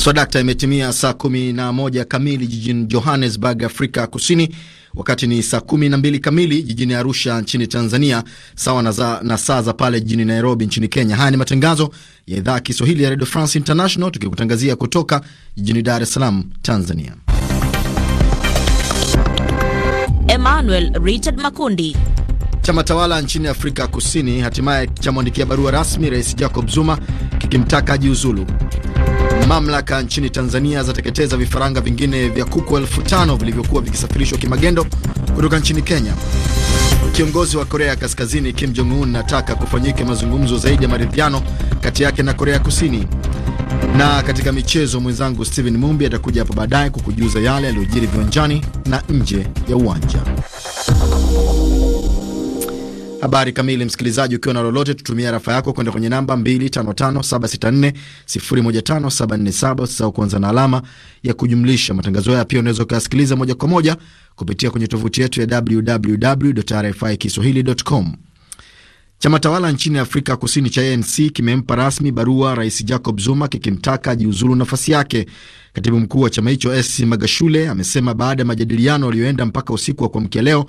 So, dakta, imetimia saa 11 kamili jijini Johannesburg, Afrika Kusini, wakati ni saa 12 kamili jijini Arusha nchini Tanzania, sawa na saa za pale jijini Nairobi nchini Kenya. Haya ni matangazo ya idhaa ya Kiswahili ya Radio France International, tukikutangazia kutoka jijini Dar es Salaam, Tanzania. Emmanuel Richard Makundi. Chama tawala nchini Afrika Kusini hatimaye chamwandikia barua rasmi Rais Jacob Zuma kikimtaka jiuzulu. Mamlaka nchini Tanzania zateketeza vifaranga vingine vya kuku elfu tano vilivyokuwa vikisafirishwa kimagendo kutoka nchini Kenya. Kiongozi wa Korea Kaskazini Kim Jong Un nataka kufanyike mazungumzo zaidi ya maridhiano kati yake na Korea Kusini. Na katika michezo, mwenzangu Steven Mumbi atakuja hapo baadaye kukujuza yale yaliyojiri viwanjani na nje ya uwanja. Habari kamili, msikilizaji, ukiwa na lolote, tutumia rafa yako kwenda kwenye namba 255764015747. Usisahau kuanza na alama ya kujumlisha. Matangazo haya pia unaweza ukayasikiliza moja kwa moja kupitia kwenye tovuti yetu ya www.rfikiswahili.com. Chama tawala nchini Afrika Kusini cha ANC kimempa rasmi barua Rais Jacob Zuma kikimtaka ajiuzulu nafasi yake. Katibu mkuu wa chama hicho S Magashule amesema baada ya majadiliano yaliyoenda mpaka usiku wa kuamkia leo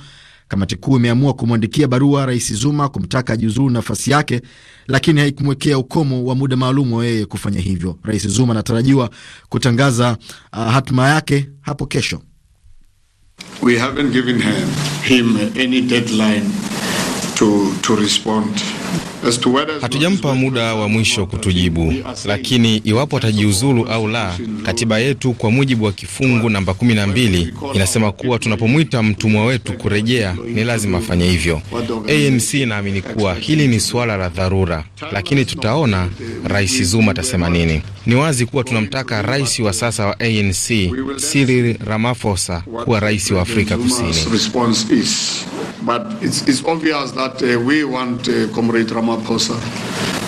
Kamati kuu imeamua kumwandikia barua Rais Zuma kumtaka ajiuzuru nafasi yake, lakini haikumwekea ukomo wa muda maalum wa yeye kufanya hivyo. Rais Zuma anatarajiwa kutangaza uh, hatima yake hapo kesho. We haven't given him any deadline to, to respond. Hatujampa muda wa mwisho kutujibu, lakini iwapo atajiuzulu au la, katiba yetu kwa mujibu wa kifungu namba 12 inasema kuwa tunapomwita mtumwa wetu kurejea ni lazima afanye hivyo. ANC inaamini kuwa hili ni suala la dharura, lakini tutaona Rais Zuma atasema nini. Ni wazi kuwa tunamtaka rais wa sasa wa ANC Cyril Ramaphosa kuwa rais wa Afrika Kusini. But it's, it's obvious that uh, we want uh, Comrade Ramaphosa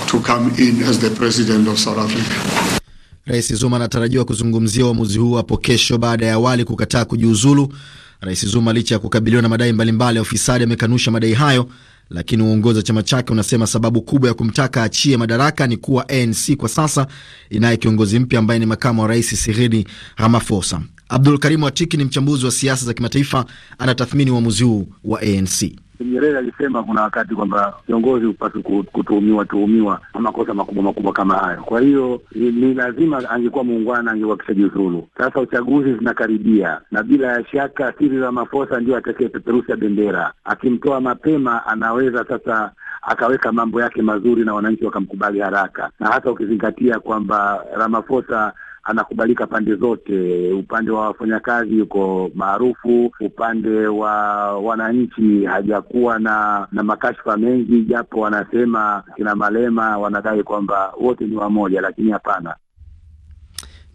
to come in as the president of South Africa. Rais Zuma anatarajiwa kuzungumzia uamuzi huu hapo kesho baada ya awali kukataa kujiuzulu. Rais Zuma licha ya kukabiliwa na madai mbalimbali ya ufisadi amekanusha madai hayo, lakini uongozi wa chama chake unasema sababu kubwa ya kumtaka achie madaraka ni kuwa ANC kwa sasa inaye kiongozi mpya ambaye ni makamu wa rais Cyril Ramaphosa. Abdul Karimu Atiki ni mchambuzi wa siasa za kimataifa, anatathmini uamuzi huu wa ANC. Nyerere alisema kuna wakati kwamba viongozi hupaswi kutuhumiwa tuhumiwa kwa makosa makubwa makubwa kama hayo. Kwa hiyo ni lazima, angekuwa muungwana angekuwa kishajiuzulu. Sasa uchaguzi zinakaribia, na bila ya shaka Cyril Ramaphosa ndio atakayepeperusha bendera. Akimtoa mapema, anaweza sasa akaweka mambo yake mazuri na wananchi wakamkubali haraka, na hasa ukizingatia kwamba Ramaphosa anakubalika pande zote, upande wa wafanyakazi yuko maarufu, upande wa wananchi hajakuwa na na makashfa mengi, japo wanasema kina Malema wanadai kwamba wote ni wamoja, lakini hapana.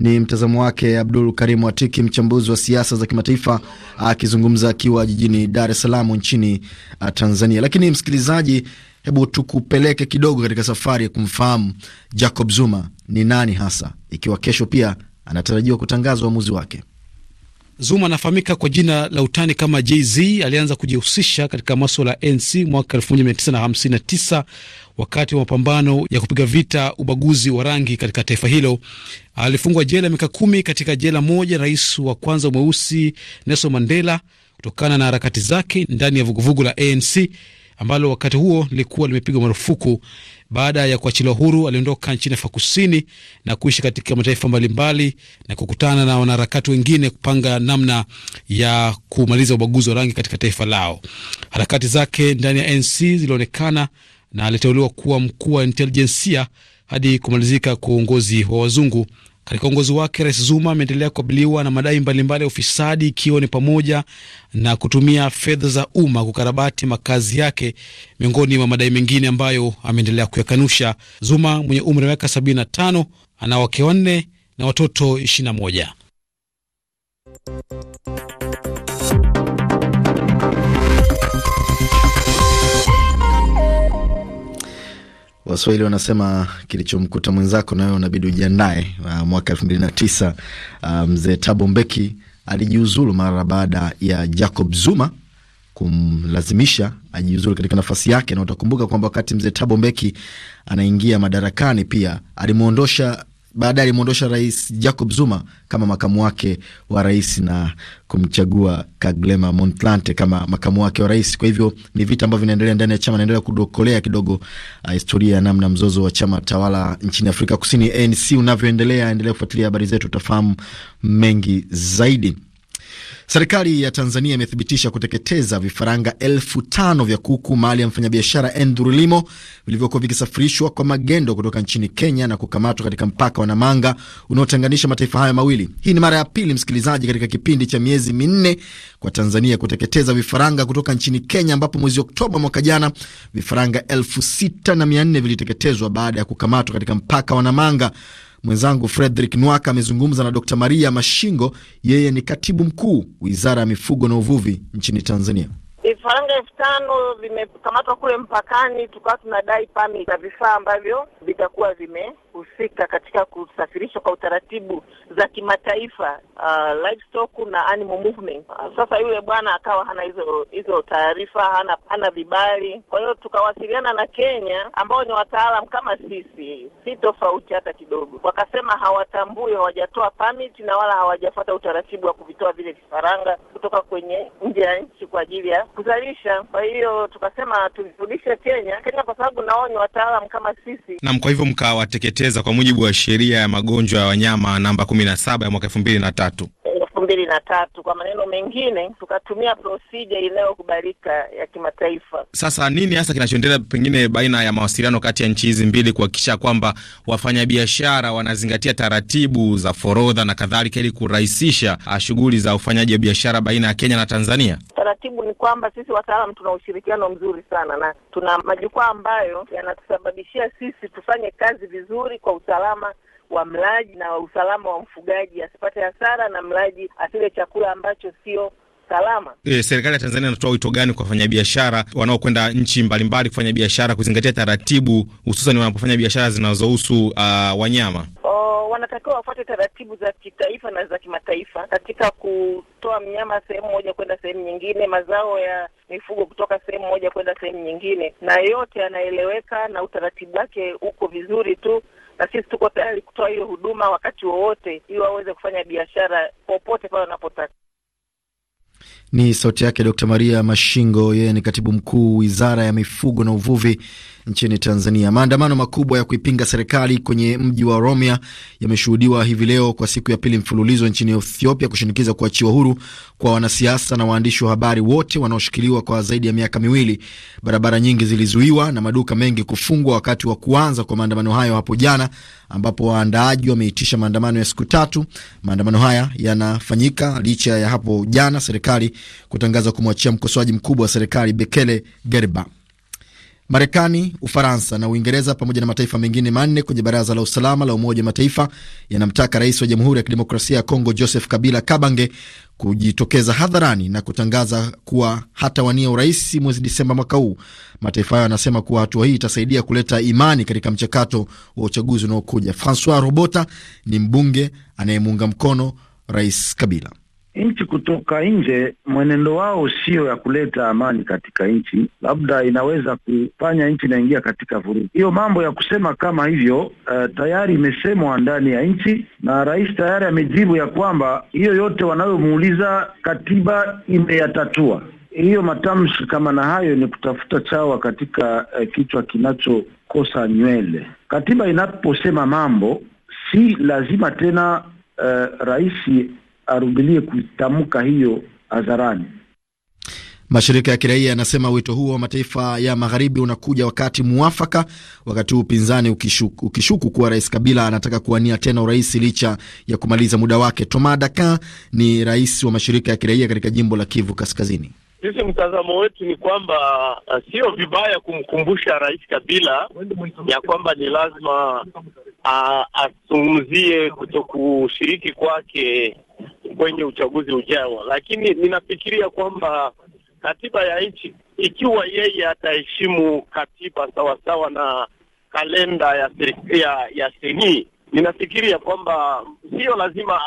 Ni mtazamo wake Abdul karimu Watiki, mchambuzi wa siasa za kimataifa, akizungumza akiwa jijini Dar es Salaam nchini uh, Tanzania. Lakini msikilizaji, hebu tukupeleke kidogo katika safari ya kumfahamu Jacob Zuma ni nani hasa, ikiwa kesho pia anatarajiwa kutangaza uamuzi wake. Zuma anafahamika kwa jina la utani kama JZ. Alianza kujihusisha katika maswala ya ANC mwaka 1959 wakati wa mapambano ya kupiga vita ubaguzi wa rangi katika taifa hilo. Alifungwa jela miaka kumi katika jela moja, rais wa kwanza mweusi Nelson Mandela, kutokana na harakati zake ndani ya vuguvugu la ANC ambalo wakati huo lilikuwa limepigwa marufuku baada ya kuachiliwa huru, aliondoka nchini Afrika Kusini na kuishi katika mataifa mbalimbali na kukutana na wanaharakati wengine kupanga namna ya kumaliza ubaguzi wa rangi katika taifa lao. Harakati zake ndani ya NC zilionekana na aliteuliwa kuwa mkuu wa intelijensia hadi kumalizika kwa uongozi wa wazungu katika uongozi wake, Rais Zuma ameendelea kukabiliwa na madai mbalimbali ya ufisadi, ikiwa ni pamoja na kutumia fedha za umma kukarabati makazi yake, miongoni mwa madai mengine ambayo ameendelea kuyakanusha. Zuma mwenye umri wa miaka 75 ana wake wanne na watoto 21. Waswahili wanasema kilichomkuta mwenzako nawe unabidi ujiandae. Uh, mwaka elfu mbili na tisa ah, mzee Tabo Mbeki alijiuzulu mara baada ya Jacob Zuma kumlazimisha ajiuzulu katika nafasi yake, na utakumbuka kwamba wakati mzee Tabo Mbeki anaingia madarakani pia alimwondosha baadaye alimwondosha Rais Jacob Zuma kama makamu wake wa rais na kumchagua Kgalema Motlanthe kama makamu wake wa rais. Kwa hivyo ni vita ambavyo vinaendelea ndani ya chama, naendelea kudokolea kidogo uh, historia ya namna mzozo wa chama tawala nchini Afrika Kusini ANC unavyoendelea. Endelea kufuatilia habari zetu, utafahamu mengi zaidi. Serikali ya Tanzania imethibitisha kuteketeza vifaranga elfu tano vya kuku mali ya mfanyabiashara Andrew Limo vilivyokuwa vikisafirishwa kwa magendo kutoka nchini Kenya na kukamatwa katika mpaka wa Namanga unaotenganisha mataifa hayo mawili. Hii ni mara ya pili, msikilizaji, katika kipindi cha miezi minne kwa Tanzania kuteketeza vifaranga kutoka nchini Kenya, ambapo mwezi Oktoba mwaka jana vifaranga elfu sita na mia nne viliteketezwa baada ya kukamatwa katika mpaka wa Namanga. Mwenzangu Frederick Nwaka amezungumza na Dr Maria Mashingo, yeye ni katibu mkuu wizara ya mifugo na uvuvi nchini Tanzania vifaranga elfu tano vimekamatwa kule mpakani, tukawa tunadai pami na vifaa ambavyo vitakuwa vimehusika katika kusafirishwa kwa utaratibu za kimataifa uh, livestock na animal movement. Uh, sasa yule bwana akawa hana hizo hizo taarifa, hana hana vibali. Kwa hiyo tukawasiliana na Kenya ambao ni wataalam kama sisi, si tofauti hata kidogo. Wakasema hawatambui, hawajatoa permit na wala hawajafuata utaratibu wa kuvitoa vile vifaranga kutoka kwenye nje ya nchi kwa ajili ya kuzalisha. Kwa hiyo tukasema tuirudishe Kenya, Kenya kwa sababu nao ni wataalam kama sisi. Naam, kwa hivyo mkawateketeza kwa mujibu wa sheria ya magonjwa ya wanyama namba kumi na saba ya mwaka elfu mbili na tatu. Eh, elfu mbili na tatu. Kwa maneno mengine, tukatumia procedure inayokubalika ya kimataifa. Sasa nini hasa kinachoendelea pengine baina ya mawasiliano kati ya nchi hizi mbili kuhakikisha kwamba wafanyabiashara wanazingatia taratibu za forodha na kadhalika, ili kurahisisha ah, shughuli za ufanyaji wa biashara baina ya Kenya na Tanzania? Taratibu ni kwamba sisi wataalam tuna ushirikiano mzuri sana na tuna majukwaa ambayo yanatusababishia sisi tufanye kazi vizuri kwa usalama wa mlaji na wa usalama wa mfugaji, asipate hasara na mlaji asile chakula ambacho sio salama. E, serikali ya Tanzania inatoa wito gani kwa wafanyabiashara wanaokwenda nchi mbalimbali kufanya biashara, kuzingatia taratibu, hususan wanapofanya biashara zinazohusu uh, wanyama? O, wanatakiwa wafuate taratibu za kitaifa na za kimataifa katika kutoa mnyama sehemu moja kwenda sehemu nyingine, mazao ya mifugo kutoka sehemu moja kwenda sehemu nyingine, na yote yanaeleweka na utaratibu wake uko vizuri tu na sisi tuko tayari kutoa hiyo huduma wakati wowote, ili waweze kufanya biashara popote pale wanapotaka. Ni sauti yake d Maria Mashingo, yeye ni katibu mkuu wizara ya mifugo na uvuvi nchini Tanzania. Maandamano makubwa ya kuipinga serikali kwenye mji wa Oromia yameshuhudiwa hivi leo kwa siku ya pili mfululizo nchini Ethiopia kushinikiza kuachiwa huru kwa wanasiasa na waandishi wa habari wote wanaoshikiliwa kwa zaidi ya miaka miwili. Barabara nyingi zilizuiwa na maduka mengi kufungwa wakati wa kuanza kwa maandamano hayo hapo jana, ambapo waandaaji wameitisha maandamano ya siku tatu. Maandamano haya yanafanyika licha ya hapo jana serikali kutangaza kumwachia mkosoaji mkubwa wa serikali Bekele Gerba. Marekani, Ufaransa na Uingereza pamoja na mataifa mengine manne kwenye Baraza la Usalama la Umoja wa Mataifa yanamtaka rais wa Jamhuri ya Kidemokrasia ya Kongo Joseph Kabila Kabange kujitokeza hadharani na kutangaza kuwa hatawania urais mwezi Disemba mwaka huu. Mataifa hayo yanasema kuwa hatua hii itasaidia kuleta imani katika mchakato wa uchaguzi unaokuja. Francois Robota ni mbunge anayemuunga mkono Rais Kabila nchi kutoka nje, mwenendo wao sio ya kuleta amani katika nchi, labda inaweza kufanya nchi inaingia katika vurugu. Hiyo mambo ya kusema kama hivyo uh, tayari imesemwa ndani ya nchi, na rais tayari amejibu ya kwamba hiyo yote wanayomuuliza katiba imeyatatua. Hiyo matamshi kama na hayo ni kutafuta chawa katika uh, kichwa kinachokosa nywele. Katiba inaposema mambo si lazima tena uh, rais arudilie kutamka hiyo hadharani. Mashirika ya kiraia yanasema wito huo wa mataifa ya magharibi unakuja wakati mwafaka, wakati huu upinzani ukishuku, ukishuku kuwa Rais Kabila anataka kuwania tena urais licha ya kumaliza muda wake. tomas Daka ni rais wa mashirika ya kiraia katika jimbo la Kivu Kaskazini. Sisi mtazamo wetu ni kwamba uh, sio vibaya kumkumbusha Rais Kabila ya kwamba ni lazima uh, azungumzie kushiriki kwake kwenye uchaguzi ujao, lakini ninafikiria kwamba katiba ya nchi ikiwa yeye ataheshimu katiba sawasawa sawa na kalenda ya ya, ya senii, ninafikiria kwamba sio lazima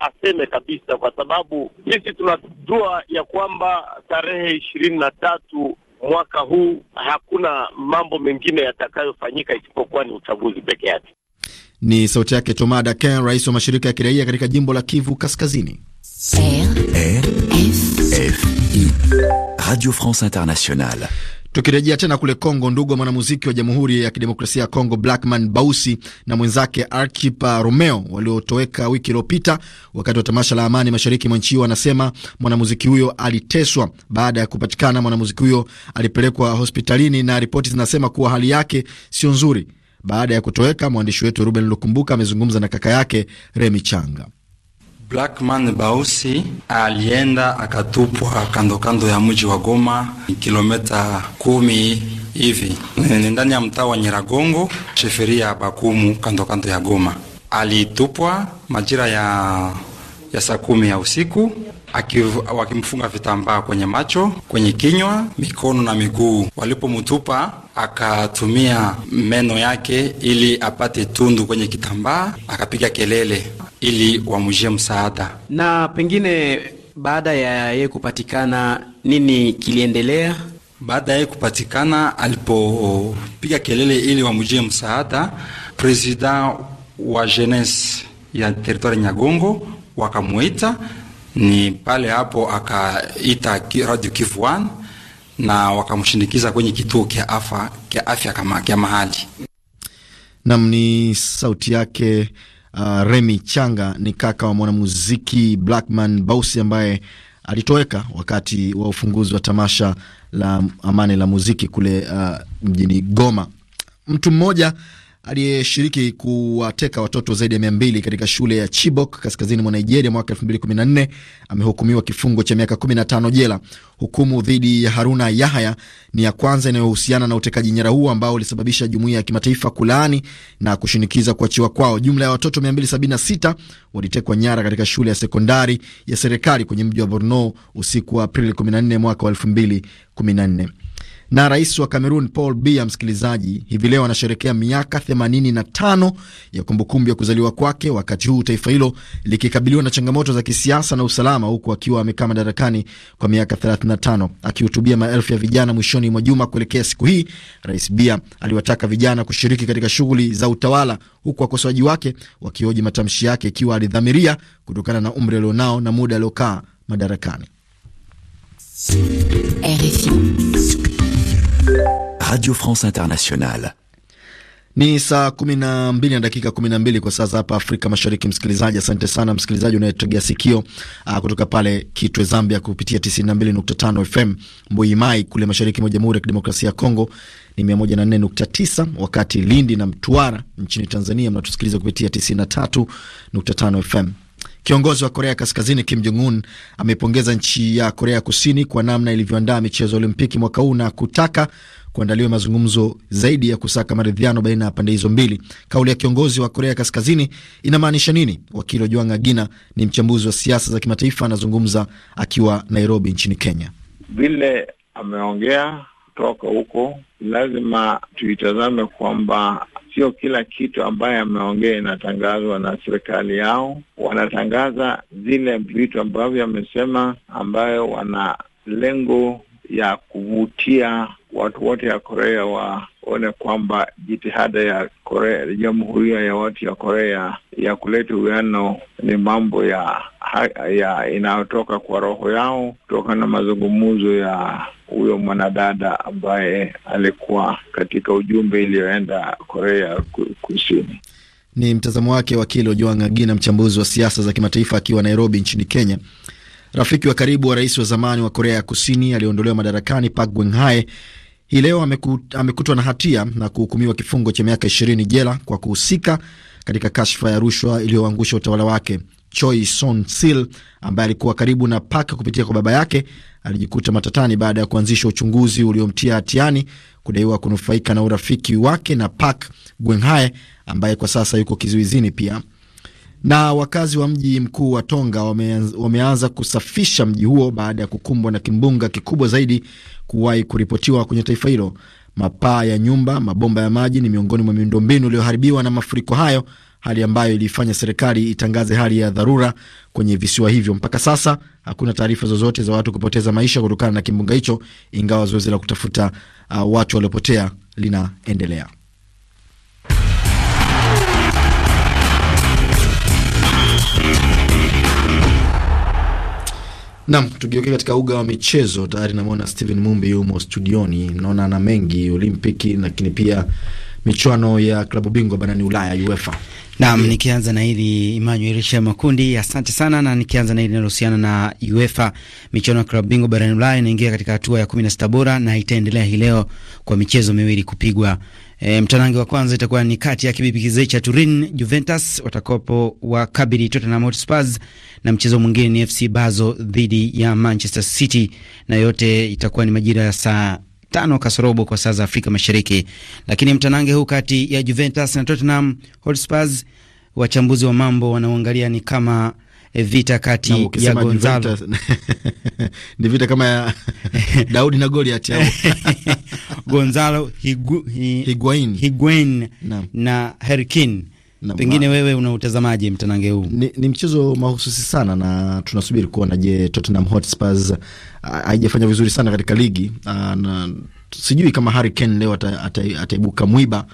aseme kabisa, kwa sababu sisi tunajua ya kwamba tarehe ishirini na tatu mwaka huu hakuna mambo mengine yatakayofanyika isipokuwa ni uchaguzi peke yake. Ni sauti yake Thomas Dakin, rais wa mashirika ya kiraia katika jimbo la Kivu Kaskazini. RFI, Radio France Internationale. Tukirejea tena kule Kongo, ndugu wa mwanamuziki wa Jamhuri ya Kidemokrasia ya Kongo Blackman Bausi na mwenzake Archipa Romeo waliotoweka wiki iliyopita wakati wa tamasha la amani mashariki mwa nchi hiyo, anasema mwanamuziki huyo aliteswa. Baada ya kupatikana, mwanamuziki huyo alipelekwa hospitalini na ripoti zinasema kuwa hali yake sio nzuri. Baada ya kutoweka, mwandishi wetu Ruben Lukumbuka amezungumza na kaka yake Remi Changa. Blackman Bausi alienda akatupwa kando kando ya mji wa Goma, kilometa kumi hivi ni ndani ya mtaa wa Nyiragongo, sheferia ya Bakumu, kando kando ya Goma. Alitupwa majira ya, ya saa kumi ya usiku wakimfunga vitambaa kwenye macho, kwenye kinywa, mikono na miguu. Walipomtupa akatumia meno yake ili apate tundu kwenye kitambaa, akapiga kelele ili wamujie msaada. Na pengine baada ya yeye kupatikana, nini kiliendelea? Baada ya yeye kupatikana, alipopiga kelele ili wamujie msaada, president wa jeunesse ya territoire Nyagongo wakamwita ni pale hapo akaita Radio Kivu One na wakamshinikiza kwenye kituo kya afa, kia afya kama kya mahali nam. Ni sauti yake uh, Remi Changa ni kaka wa mwanamuziki Blackman Bausi ambaye alitoweka wakati wa ufunguzi wa tamasha la amani la muziki kule uh, mjini Goma. Mtu mmoja aliyeshiriki kuwateka watoto zaidi ya mia mbili katika shule ya Chibok kaskazini mwa Nigeria mwaka nne amehukumiwa kifungo cha miaka 15 jela. Hukumu dhidi ya Haruna Yahaya ni ya kwanza inayohusiana na utekaji nyara huo ambao ulisababisha jumuiya ya kimataifa kulaani na kushinikiza kuachiwa kwao. Jumla ya watoto 276 walitekwa nyara katika shule ya sekondari ya serikali kwenye mji wa Borno usiku wa Aprili 14 mwaka wa nne na rais wa Cameroon Paul Biya, msikilizaji, hivi leo anasherekea miaka 85 ya kumbukumbu ya kuzaliwa kwake, wakati huu taifa hilo likikabiliwa na changamoto za kisiasa na usalama, huku akiwa amekaa madarakani kwa miaka 35. Akihutubia maelfu ya vijana mwishoni mwa juma kuelekea siku hii, rais Biya aliwataka vijana kushiriki katika shughuli za utawala, huku wakosoaji wake wakihoji matamshi yake ikiwa alidhamiria kutokana na umri alionao na muda aliokaa madarakani. RFI. Radio France Internationale. Ni saa kumi na mbili na dakika kumi na mbili kwa sasa hapa Afrika Mashariki. Msikilizaji, asante sana msikilizaji unayetegea sikio aa, ah, kutoka pale Kitwe, Zambia, kupitia 92.5 FM, Mbuimai kule mashariki mwa Jamhuri ya Kidemokrasia ya Kongo ni 104.9, wakati Lindi na Mtwara nchini Tanzania mnatusikiliza kupitia 93.5 FM. Kiongozi wa Korea Kaskazini Kim Jong Un amepongeza nchi ya Korea Kusini kwa namna ilivyoandaa michezo ya Olimpiki mwaka huu na kutaka kuandaliwa mazungumzo zaidi ya kusaka maridhiano baina ya pande hizo mbili. Kauli ya kiongozi wa Korea Kaskazini inamaanisha nini? Wakili Ojwang' Agina ni mchambuzi wa siasa za kimataifa, anazungumza akiwa Nairobi nchini Kenya. Vile ameongea toka huko, lazima tuitazame kwamba sio kila kitu ambaye ameongea inatangazwa na serikali yao. Wanatangaza zile vitu ambavyo amesema, ambayo wana lengo ya kuvutia watu wote ya Korea waone kwamba jitihada ya Korea, jamhuria ya watu ya Korea ya kuleta uwiano ni mambo ya, ya inayotoka kwa roho yao kutoka na mazungumzo ya huyo mwanadada ambaye alikuwa katika ujumbe iliyoenda Korea Kusini. Ni mtazamo wake wakili Ojwang' Agina, mchambuzi wa siasa za kimataifa akiwa Nairobi nchini Kenya. Rafiki wa karibu wa rais wa zamani wa Korea ya Kusini aliyeondolewa madarakani Park Geun-hye hii leo amekutwa na hatia na kuhukumiwa kifungo cha miaka ishirini jela kwa kuhusika katika kashfa ya rushwa iliyoangusha utawala wake. Choi Son Sil ambaye alikuwa karibu na Park kupitia kwa baba yake alijikuta matatani baada ya kuanzisha uchunguzi uliomtia hatiani kudaiwa kunufaika na urafiki wake na Park Geun-hye ambaye kwa sasa yuko kizuizini pia. Na wakazi wa mji mkuu wa Tonga wame, wameanza kusafisha mji huo baada ya kukumbwa na kimbunga kikubwa zaidi kuwahi kuripotiwa kwenye taifa hilo. Mapaa ya nyumba, mabomba ya maji ni miongoni mwa miundombinu iliyoharibiwa na mafuriko hayo, hali ambayo ilifanya serikali itangaze hali ya dharura kwenye visiwa hivyo. Mpaka sasa hakuna taarifa zozote za watu kupoteza maisha kutokana na kimbunga hicho, ingawa zoezi la kutafuta uh, watu waliopotea linaendelea. Nam, tugeuke katika uga wa michezo. Tayari namwona Steven Mumbi yumo studioni, naona ana mengi Olimpiki, lakini pia michuano ya klabu bingwa barani Ulaya, UEFA. Naam, nikianza na hili Emmanuel Risha Makundi, asante sana. Na nikianza na hili linalohusiana na UEFA, michuano ya klabu bingwa barani Ulaya inaingia katika hatua ya 16 bora na itaendelea hii leo kwa michezo miwili kupigwa. E, mtanange wa kwanza itakuwa ni kati ya kibibi cha Turin Juventus watakapo wakabili Tottenham Hotspur na mchezo mwingine ni FC Basel dhidi ya Manchester City, na yote itakuwa ni majira ya saa tano kasorobo kwa saa za Afrika Mashariki. Lakini mtanange huu kati ya Juventus na Tottenham Hotspurs, wachambuzi wa mambo wanaoangalia ni kama eh, vita kati ya Gonzalo ni vita kama ya Daudi na Goliath Gonzalo Higuain, Higuain na Harry Kane na pengine ma... wewe unautazamaje mtanange huu? Ni, ni mchezo mahususi sana na tunasubiri kuona, je, Tottenham Hotspurs haijafanya vizuri sana katika ligi a, na, sijui kama Harry Kane leo ataibuka mwiba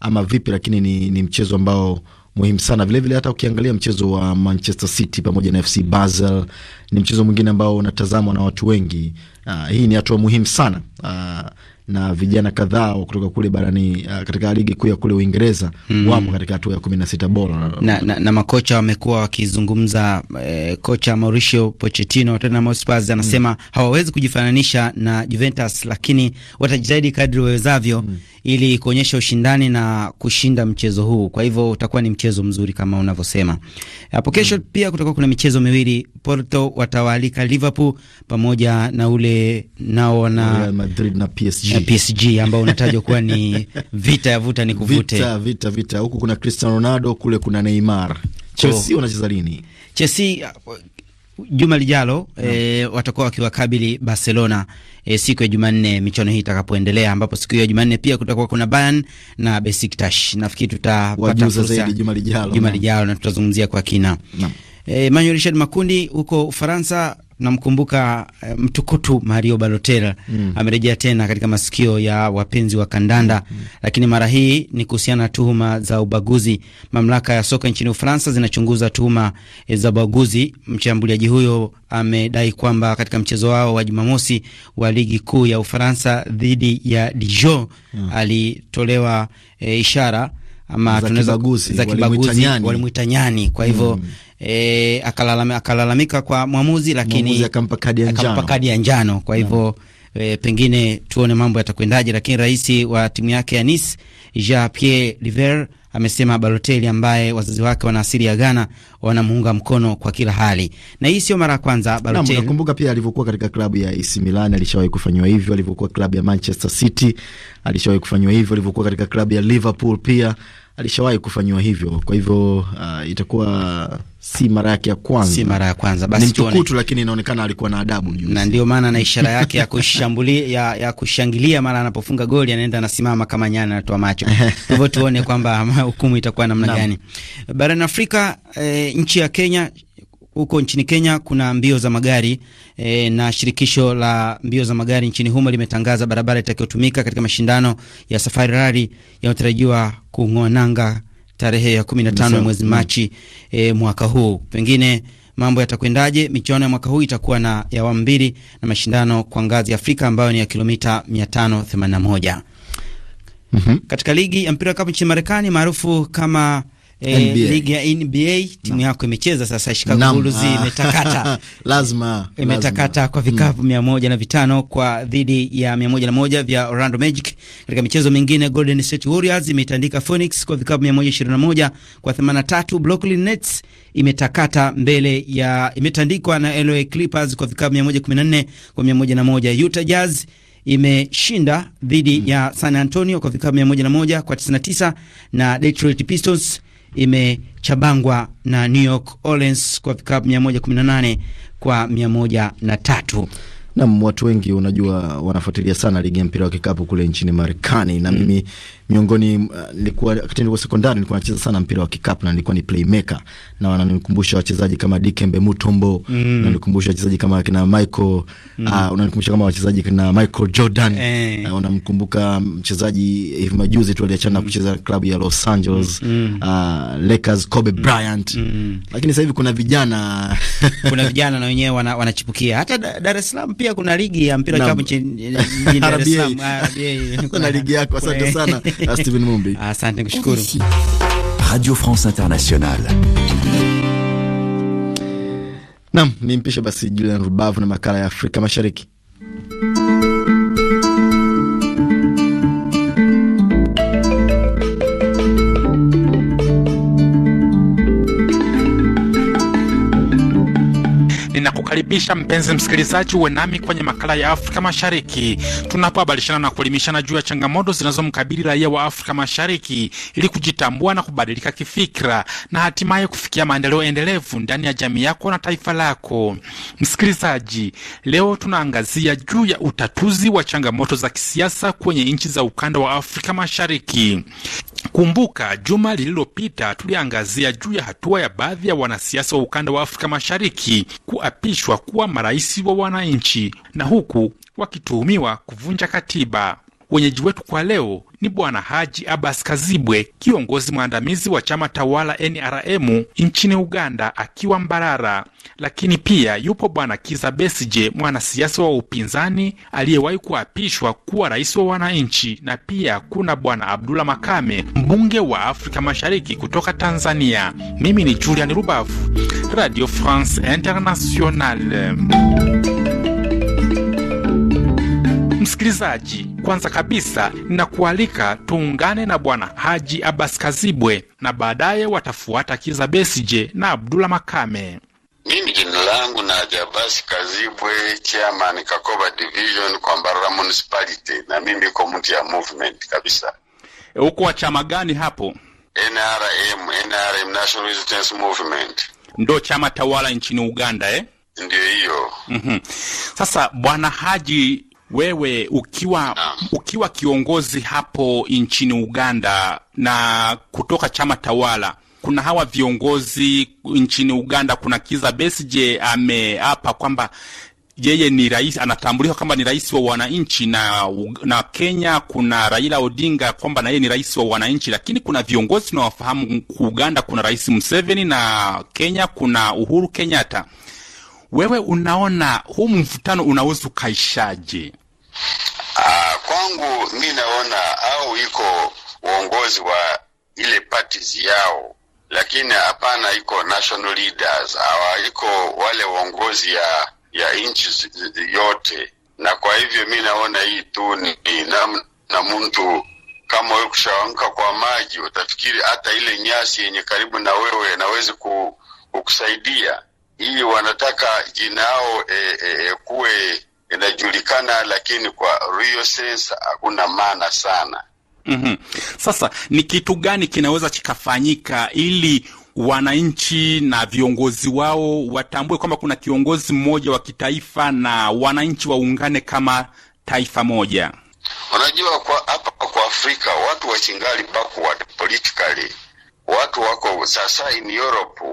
ama vipi, lakini ni, ni mchezo ambao muhimu sana vilevile vile, hata ukiangalia mchezo wa Manchester City pamoja na FC Basel ni mchezo mwingine ambao unatazamwa na watu wengi. Uh, hii ni hatua muhimu sana uh, na vijana kadhaa kutoka kule barani uh, katika ligi kuu ya kule Uingereza mm. wamo katika hatua ya kumi na sita bora na, na, na makocha wamekuwa wakizungumza eh, kocha Mauricio Pochettino wa Tottenham Hotspur hmm. anasema mm. hawawezi kujifananisha na Juventus, lakini watajitahidi kadri wawezavyo mm. ili kuonyesha ushindani na kushinda mchezo huu. Kwa hivyo utakuwa ni mchezo mzuri kama unavyosema hapo. Kesho mm. pia kutakuwa kuna michezo miwili, Porto watawaalika Liverpool pamoja na ule nao na Real Madrid na PSG PSG ambao unatajwa kuwa ni vita ya vuta ni kuvute, vita vita vita, huku kuna Cristiano Ronaldo, kule kuna Neymar. Chelsea oh. wanacheza lini? Chelsea juma lijalo no. E, watakuwa wakiwakabili Barcelona e, siku ya Jumanne michuano hii itakapoendelea, ambapo siku hiyo ya Jumanne pia kutakuwa kuna Bayern na Besiktas. Nafikiri tutapata fursa zaidi juma lijalo, juma lijalo na tutazungumzia kwa kina no. E, Manuel Richard Makundi huko Ufaransa Namkumbuka eh, mtukutu Mario Balotelli mm. amerejea tena katika masikio ya wapenzi wa kandanda mm. lakini mara hii ni kuhusiana na tuhuma za ubaguzi. Mamlaka ya soka nchini Ufaransa zinachunguza tuhuma eh, za ubaguzi. Mshambuliaji huyo amedai kwamba katika mchezo wao wa Jumamosi wa ligi kuu ya Ufaransa dhidi ya Dijon mm. alitolewa e, ishara ama tunaweza za kibaguzi walimuita nyani. Kwa hivyo mm. e, akalalamika, akalalamika kwa mwamuzi, lakini akampa kadi ya njano. Kwa hivyo e, pengine tuone mambo yatakwendaje, lakini rais wa timu yake ya Nice Jean Pierre Liver amesema Baloteli ambaye wazazi wake wana asili ya Ghana wanamuunga mkono kwa kila hali, na hii sio mara ya kwanza. nakumbuka pia alivyokuwa katika klabu ya AC Milan alishawahi kufanywa hivyo, alivyokuwa klabu ya Manchester City alishawahi kufanywa hivyo, alivyokuwa katika klabu ya Liverpool pia alishawahi kufanyiwa hivyo, kwa hivyo uh, itakuwa si mara yake ya kwanza, si mara ya kwanza. Basi ni mtukutu, lakini inaonekana alikuwa na adabu juzi, na ndio maana na ishara yake ya kushambulia ya, ya kushangilia mara anapofunga goli, anaenda anasimama kama nyani, anatoa macho hivyo. Tuone kwamba hukumu itakuwa namna gani barani Afrika. E, nchi ya Kenya huko nchini Kenya kuna mbio za magari e, na shirikisho la mbio za magari nchini humo limetangaza barabara itakayotumika katika mashindano ya Safari Rally yanayotarajiwa nanga tarehe ya 15 mwezi mm. Machi e, mwaka huu. Pengine mambo yatakwendaje? Michuano ya mwaka huu itakuwa na ya awamu mbili na mashindano kwa ngazi ya Afrika ambayo ni ya kilomita 581. Mm -hmm. Katika ligi ya mpira wa kikapu nchini Marekani maarufu kama eh, ligi ya NBA timu yako imecheza sasa, Chicago Bulls ah, imetakata lazima imetakata kwa vikapu mm. mia moja na vitano kwa dhidi ya mia moja na moja vya Orlando Magic. Katika michezo mingine, Golden State Warriors imetandika Phoenix kwa vikapu mia moja ishirini na moja kwa themanini na tatu. Brooklyn Nets imetakata mbele ya imetandikwa na LA Clippers kwa vikapu mia moja kumi na nne kwa mia moja na moja. Utah Jazz imeshinda dhidi mm, ya San Antonio kwa vikapu mia moja na moja kwa tisini na tisa na Detroit Pistons imechabangwa na New York Orleans kwa vikapu 118 kwa 103. Nam, watu wengi unajua wanafuatilia sana ligi ya mpira wa kikapu kule nchini Marekani na mm. mimi mm miongoni uh, nilikuwa uh, kitendo cha sekondari nilikuwa nacheza sana mpira wa kikapu na nilikuwa ni playmaker, na wananikumbusha wachezaji kama Dikembe Mutombo mm. na unanikumbusha wachezaji kama kina Michael mm. uh, unanikumbusha kama wachezaji kina Michael Jordan hey. Eh. na unamkumbuka mchezaji hivi majuzi tu aliachana mm. kucheza klabu ya Los Angeles mm. mm. uh, Lakers Kobe mm. Bryant mm. lakini sasa hivi kuna vijana kuna vijana na wenyewe wana, wanachipukia hata Dar es Salaam pia kuna ligi ya mpira wa kikapu nchini Dar es Salaam. Ah, kuna ligi yako, asante sana na ah, Steven Mumbi. Asante, kushukuru Radio France Internationale. Nam ni mpisha basi Julian Rubavu na makala ya Afrika Mashariki kukaribisha mpenzi msikilizaji, uwe nami kwenye makala ya Afrika Mashariki tunapohabarishana na kuelimishana juu ya changamoto zinazomkabili raia wa Afrika Mashariki ili kujitambua na kubadilika kifikra na hatimaye kufikia maendeleo endelevu ndani ya jamii yako na taifa lako. Msikilizaji, leo tunaangazia juu ya utatuzi wa changamoto za kisiasa kwenye nchi za ukanda wa Afrika Mashariki. Kumbuka juma lililopita tuliangazia juu ya hatua ya baadhi ya wanasiasa wa ukanda wa Afrika Mashariki kuapi kuapishwa kuwa marais wa wananchi na huku wakituhumiwa kuvunja katiba. Wenyeji wetu kwa leo ni Bwana Haji Abbas Kazibwe, kiongozi mwandamizi wa chama tawala NRM nchini Uganda, akiwa Mbarara, lakini pia yupo Bwana Kiza Besije, mwanasiasa wa upinzani aliyewahi kuapishwa kuwa rais wa wananchi, na pia kuna Bwana Abdullah Makame, mbunge wa Afrika Mashariki kutoka Tanzania. Mimi ni Julian Rubavu, Radio France Internationale. Msikilizaji, kwanza kabisa ninakualika tuungane na Bwana Haji Abbas Kazibwe na baadaye watafuata Kiza Besije na Abdullah Makame. Mimi jina langu na Jabasi Kazibwe, chairman Kakoba division kwa Mbarara municipality, na mimi mti ya movement kabisa. Huko wa chama gani hapo? NRM, NRM National Resistance Movement ndo chama tawala nchini Uganda eh? Ndio hiyo. mm -hmm. Sasa bwana Haji wewe ukiwa ukiwa kiongozi hapo nchini Uganda na kutoka chama tawala, kuna hawa viongozi nchini Uganda, kuna Kiza Besije ameapa kwamba yeye ni rais, anatambulika kwamba ni rais wa wananchi, na na Kenya kuna Raila Odinga kwamba na yeye ni rais wa wananchi, lakini kuna viongozi tunawafahamu, Uganda kuna Rais Museveni na Kenya kuna Uhuru Kenyatta. Wewe unaona huu mvutano unahusu kaishaje? Uh, ah, kwangu mi naona au iko uongozi wa ile parties yao, lakini hapana iko national leaders au iko wale uongozi ya ya nchi yote, na kwa hivyo mi naona hii tu ni namna na mtu kama wewe kushawanka kwa maji, utafikiri hata ile nyasi yenye karibu na wewe nawezi kukusaidia hii wanataka jina yao e, e, e, kuwe inajulikana, lakini kwa real sense hakuna maana sana. Mm -hmm. Sasa ni kitu gani kinaweza kikafanyika ili wananchi na viongozi wao watambue kwamba kuna kiongozi mmoja wa kitaifa na wananchi waungane kama taifa moja? Unajua, kwa hapa kwa Afrika watu wachingali wa politically, watu wako sasa in Europe,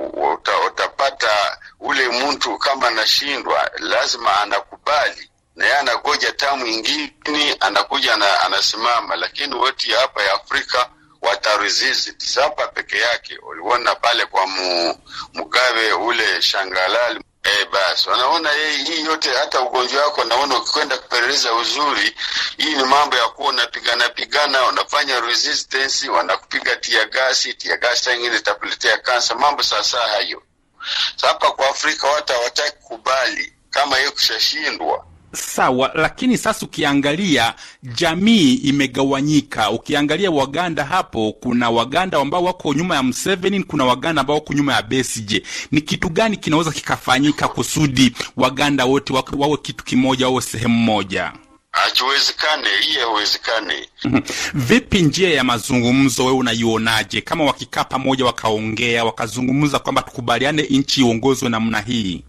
utapata ule mtu kama anashindwa, lazima anakubali na yeye anagoja tamu ingine, anakuja na, anasimama. Lakini woti ya hapa ya Afrika watarizizi sapa peke yake, uliona pale kwa mu, ule shangalali Eh, basi wanaona yeye hii yote, hata ugonjwa wako naona, ukikwenda kupeleleza uzuri, hii ni mambo ya kuwa unapigana pigana, wanafanya resistance, wanakupiga tia gasi, tia gasi ingine itakuletea kansa, mambo sasa hayo. Sasa kwa Afrika watu hawataki kubali kama hiyo kushashindwa Sawa, lakini sasa ukiangalia jamii imegawanyika. Ukiangalia Waganda hapo, kuna Waganda ambao wako nyuma ya Museveni, kuna Waganda ambao wako nyuma ya Besigye. Ni kitu gani kinaweza kikafanyika kusudi Waganda wote wawe kitu kimoja, wawe sehemu moja? achiwezekane hii haiwezekane. Vipi njia ya mazungumzo, wewe unaionaje? Kama wakikaa pamoja wakaongea wakazungumza kwamba tukubaliane nchi iongozwe namna hii?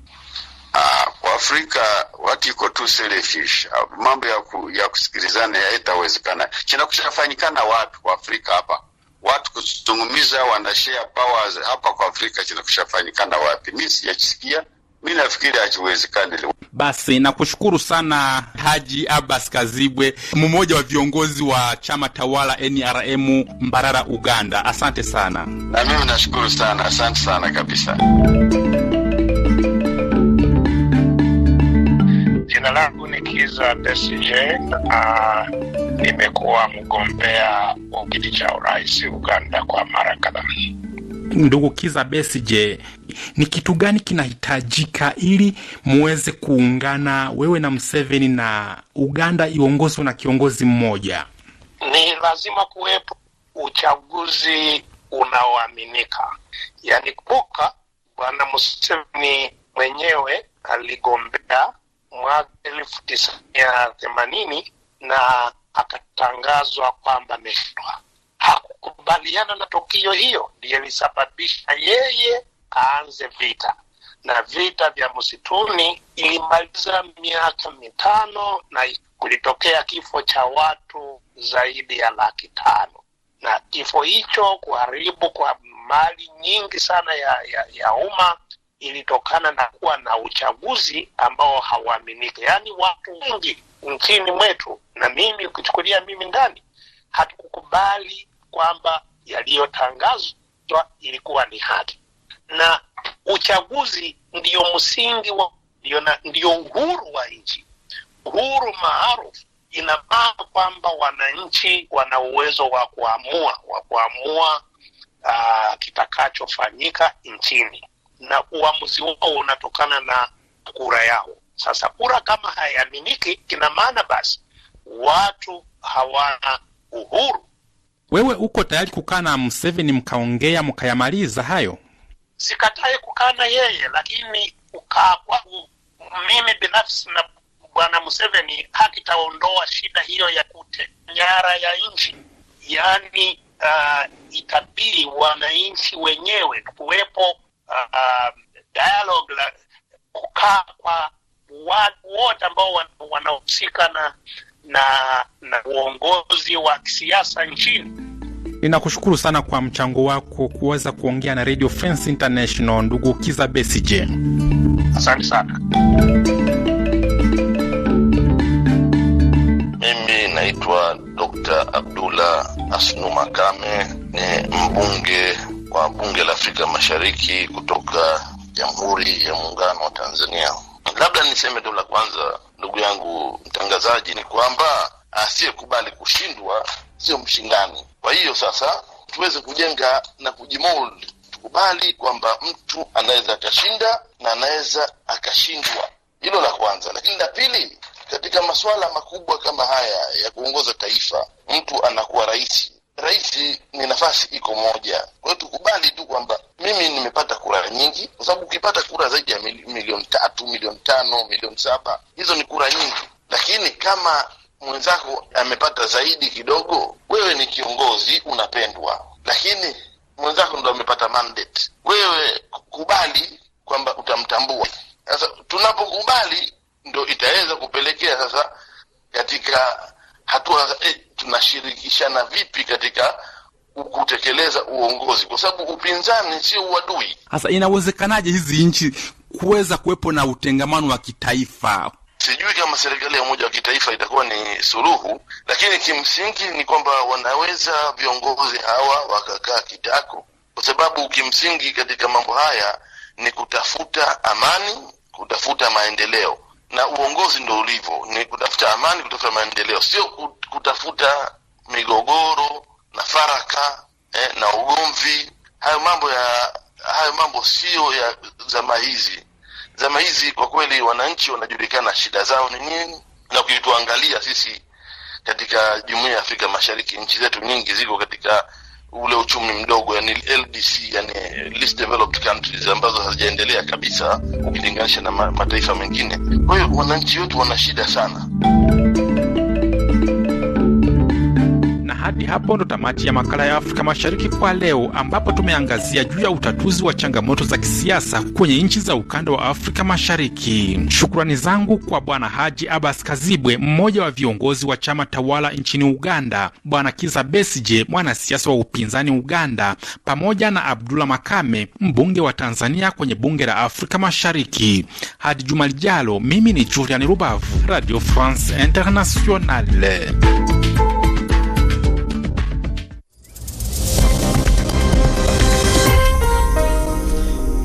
Aa, ah, kwa Afrika watu iko tu selfish, ah, mambo ya, ku, ya kusikilizana haitawezekana. Chinakushafanyikana watu kwa Afrika hapa watu kuzungumiza wanashare powers hapa kwa Afrika, chinakushafanyikana wapi? Mi sijasikia Mi nafikiri hakiwezekani. Basi nakushukuru sana Haji Abbas Kazibwe, mmoja wa viongozi wa chama tawala NRM Mbarara, Uganda. Asante sana. Na mimi nashukuru sana, asante sana kabisa. Jina langu ni Kiza Besigye. Uh, nimekuwa mgombea wa kiti cha urais Uganda kwa mara kadhaa ndugu Kiza Besije, ni kitu gani kinahitajika ili muweze kuungana wewe na Museveni na Uganda iongozwe na kiongozi mmoja? Ni lazima kuwepo uchaguzi unaoaminika. Yani, kumbuka Bwana Museveni mwenyewe aligombea mwaka elfu tisa mia themanini na akatangazwa kwamba ameshindwa hakukubaliana na tukio hiyo, ndiye ilisababisha yeye aanze vita, na vita vya msituni ilimaliza miaka mitano na kulitokea kifo cha watu zaidi ya laki tano na kifo hicho, kuharibu kwa mali nyingi sana ya, ya, ya umma ilitokana na kuwa na uchaguzi ambao hauaminiki. Yaani watu wengi nchini mwetu na mimi ukichukulia mimi ndani hatukukubali kwamba yaliyotangazwa ilikuwa ni haki, na uchaguzi ndiyo msingi wa ndiyo uhuru wa nchi. Uhuru maarufu ina maana kwamba wananchi wana uwezo wa kuamua wa kuamua uh, kitakachofanyika nchini na uamuzi wao unatokana na kura yao. Sasa kura kama hayaaminiki kina maana basi watu hawana uhuru wewe uko tayari kukaa na Museveni mkaongea mkayamaliza hayo? Sikatai kukaa na yeye, lakini kukaa kwangu mimi binafsi na bwana Museveni hakitaondoa shida hiyo ya kute nyara ya nchi, yaani uh, itabidi wananchi wenyewe kuwepo uh, dialogue la kukaa kwa watu wote ambao wanahusika na na, na uongozi wa kisiasa nchini. Ninakushukuru sana kwa mchango wako kuweza kuongea na Radio France International, ndugu Kiza Besije, asante sana. Mimi naitwa Dr. Abdullah Asnu Makame, ni mbunge wa bunge la Afrika Mashariki kutoka Jamhuri ya Muungano wa Tanzania. Labda niseme tu la kwanza, ndugu yangu mtangazaji, ni kwamba asiyekubali kushindwa sio mshindani. Kwa hiyo sasa tuweze kujenga na kujimold, tukubali kwamba mtu anaweza akashinda na anaweza akashindwa. Hilo la kwanza, lakini la pili, katika masuala makubwa kama haya ya kuongoza taifa, mtu anakuwa rais rais ni nafasi iko moja. Kwa hiyo tukubali tu kwamba mimi nimepata kura nyingi, kwa sababu ukipata kura zaidi ya milioni tatu, milioni tano, milioni saba, hizo ni kura nyingi, lakini kama mwenzako amepata zaidi kidogo, wewe ni kiongozi unapendwa, lakini mwenzako ndo amepata mandate, wewe kubali kwamba utamtambua. Sasa tunapokubali ndo itaweza kupelekea sasa katika hatua eh, tunashirikishana vipi katika kutekeleza uongozi, kwa sababu upinzani sio uadui. Sasa inawezekanaje hizi nchi kuweza kuwepo na utengamano wa kitaifa? Sijui kama serikali ya umoja wa kitaifa itakuwa ni suluhu, lakini kimsingi ni kwamba wanaweza viongozi hawa wakakaa kitako, kwa sababu kimsingi katika mambo haya ni kutafuta amani, kutafuta maendeleo na uongozi ndo ulivyo, ni kutafuta amani, kutafuta maendeleo, sio kutafuta migogoro na faraka eh, na ugomvi. Hayo mambo ya hayo mambo sio ya zama hizi. Zama hizi kwa kweli wananchi wanajulikana shida zao ni nini, na ukituangalia sisi katika jumuia ya Afrika Mashariki, nchi zetu nyingi ziko katika ule uchumi mdogo, yani LDC, yani least developed countries ambazo hazijaendelea kabisa ukilinganisha na mataifa mengine. Kwa hiyo wananchi wetu wana shida sana. hadi hapo ndo tamati ya makala ya Afrika Mashariki kwa leo, ambapo tumeangazia juu ya utatuzi wa changamoto za kisiasa kwenye nchi za ukanda wa Afrika Mashariki. Shukrani zangu kwa Bwana Haji Abbas Kazibwe, mmoja wa viongozi wa chama tawala nchini Uganda, Bwana Kiza Besije, mwanasiasa wa upinzani Uganda, pamoja na Abdullah Makame, mbunge wa Tanzania kwenye bunge la Afrika Mashariki. Hadi juma lijalo, mimi ni Julian Rubavu, Radio France Internationale.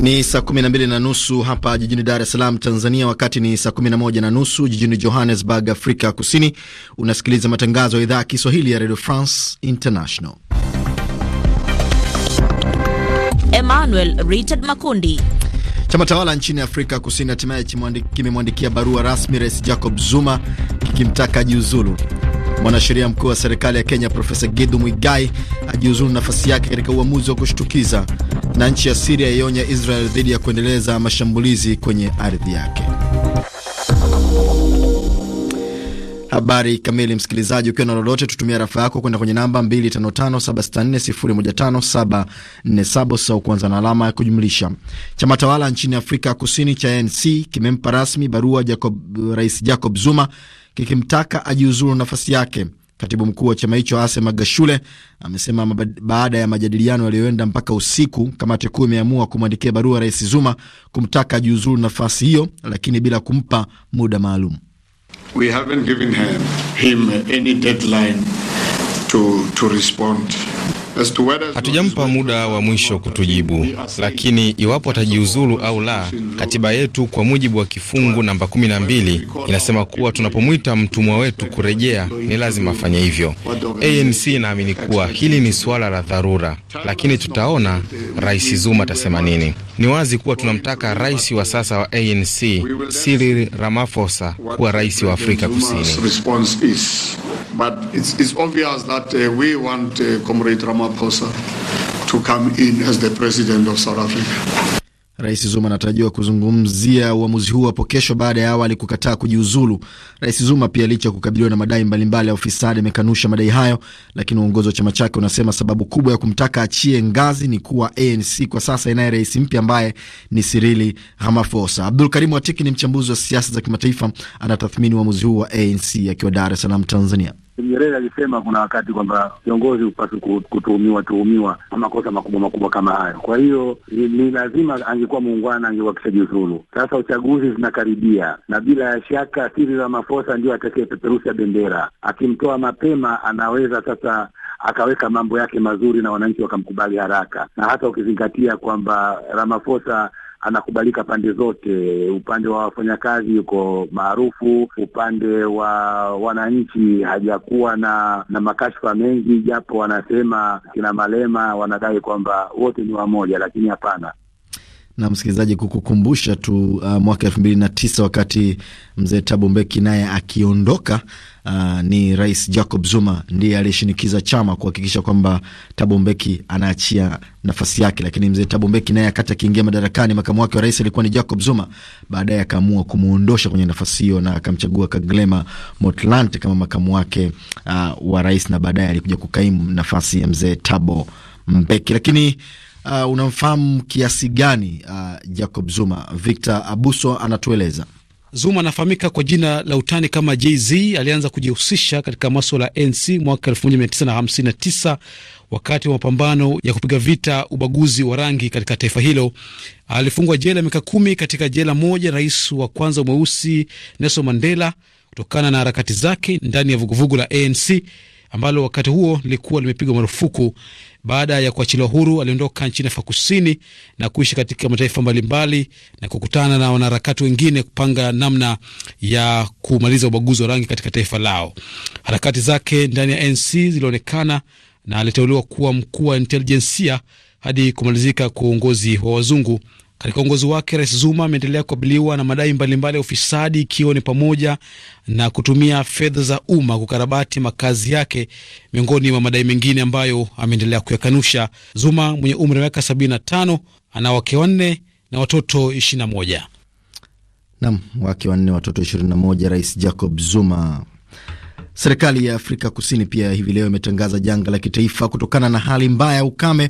Ni saa 12 na nusu hapa jijini Dar es Salaam, Tanzania, wakati ni saa 11 na nusu jijini Johannesburg, Afrika Kusini. Unasikiliza matangazo ya idhaa ya Kiswahili ya Radio France International. Emmanuel Richard Makundi. Chama tawala nchini Afrika Kusini hatimaye kimemwandikia barua rasmi Rais Jacob Zuma kikimtaka jiuzulu. Mwanasheria mkuu wa serikali ya Kenya Profesa Gidu Mwigai ajiuzulu nafasi yake katika uamuzi wa kushtukiza, na nchi ya Siria yaonya Israel dhidi ya kuendeleza mashambulizi kwenye ardhi yake. Habari kamili, msikilizaji, ukiwa na lolote, tutumia rafa yako kwenda kwenye namba 255764015747 sau kuanza na alama ya kujumlisha. Chama tawala nchini Afrika Kusini cha ANC kimempa rasmi barua Jacob, Rais Jacob Zuma kikimtaka ajiuzuru nafasi yake. Katibu mkuu wa chama hicho Ase Magashule amesema baada ya majadiliano yaliyoenda mpaka usiku, kamati kuu imeamua kumwandikia barua Rais Zuma kumtaka ajiuzuru nafasi hiyo, lakini bila kumpa muda maalum. We haven't given him any deadline to, to respond Hatujampa muda wa mwisho kutujibu, lakini iwapo atajiuzulu au la, katiba yetu kwa mujibu wa kifungu namba 12 inasema kuwa tunapomwita mtumwa wetu kurejea ni lazima afanye hivyo. ANC inaamini kuwa hili ni suala la dharura, lakini tutaona Rais Zuma atasema nini. Ni wazi kuwa tunamtaka rais wa sasa wa ANC Cyril Ramaphosa kuwa rais wa Afrika Kusini. Ramaphosa to come in as the president of South Africa. Rais Zuma anatarajiwa kuzungumzia uamuzi huu hapo kesho baada ya awali kukataa kujiuzulu. Rais Zuma pia, licha ya kukabiliwa na madai mbalimbali ya ufisadi, amekanusha madai hayo, lakini uongozi wa chama chake unasema sababu kubwa ya kumtaka achie ngazi ni kuwa ANC kwa sasa inaye rais mpya ambaye ni Cyril Ramaphosa. Abdul Karimu Watiki ni mchambuzi wa siasa za kimataifa, anatathmini uamuzi huu wa ANC akiwa Dar es Salaam, Tanzania. Nyerere alisema kuna wakati kwamba viongozi hupaswi kutuhumiwa tuhumiwa kwa makosa makubwa makubwa kama hayo. Kwa hiyo ni, ni lazima angekuwa muungwana, angekuwa kishajiuzulu. Sasa uchaguzi zinakaribia, na bila ya shaka Cyril Ramaphosa ndio peperusha bendera. Akimtoa mapema, anaweza sasa akaweka mambo yake mazuri na wananchi wakamkubali haraka, na hata ukizingatia kwamba Ramaphosa anakubalika pande zote, upande wa wafanyakazi yuko maarufu, upande wa wananchi hajakuwa na na makashfa mengi, japo wanasema kina Malema wanadai kwamba wote ni wamoja, lakini hapana, na msikilizaji, kukukumbusha tu uh, mwaka elfu mbili na tisa wakati mzee Tabu Mbeki naye akiondoka, uh, ni Rais Jacob Zuma ndiye aliyeshinikiza chama kuhakikisha kwamba Tabu Mbeki anaachia nafasi yake, lakini mzee Tabu Mbeki naye akati akiingia madarakani, makamu wake wa rais alikuwa ni Jacob Zuma, baadaye akaamua kumwondosha kwenye nafasi hiyo na akamchagua Kgalema Motlanthe kama makamu wake uh, wa rais, na baadaye alikuja kukaimu nafasi ya mzee Tabo Mbeki, lakini uh, unamfahamu kiasi gani uh, Jacob Zuma? Victor Abuso anatueleza. Zuma anafahamika kwa jina la utani kama JZ. Alianza kujihusisha katika maswala ya ANC mwaka 1959 wakati wa mapambano ya kupiga vita ubaguzi wa rangi katika taifa hilo. Alifungwa jela miaka kumi katika jela moja, rais wa kwanza mweusi Nelson Mandela, kutokana na harakati zake ndani ya vuguvugu la ANC ambalo wakati huo lilikuwa limepigwa marufuku. Baada ya kuachiliwa huru, aliondoka nchini Afrika Kusini na kuishi katika mataifa mbalimbali na kukutana na wanaharakati wengine kupanga namna ya kumaliza ubaguzi wa rangi katika taifa lao. Harakati zake ndani ya NC zilionekana na aliteuliwa kuwa mkuu wa intelijensia hadi kumalizika kwa uongozi wa wazungu katika uongozi wake, Rais Zuma ameendelea kukabiliwa na madai mbalimbali ya ufisadi, ikiwa ni pamoja na kutumia fedha za umma kukarabati makazi yake, miongoni mwa madai mengine ambayo ameendelea kuyakanusha. Zuma mwenye umri wa miaka 75 ana wake wanne na watoto 21. Nam, wake wanne watoto 21, Rais Jacob Zuma. Serikali ya Afrika Kusini pia hivi leo imetangaza janga la kitaifa kutokana na hali mbaya ya ukame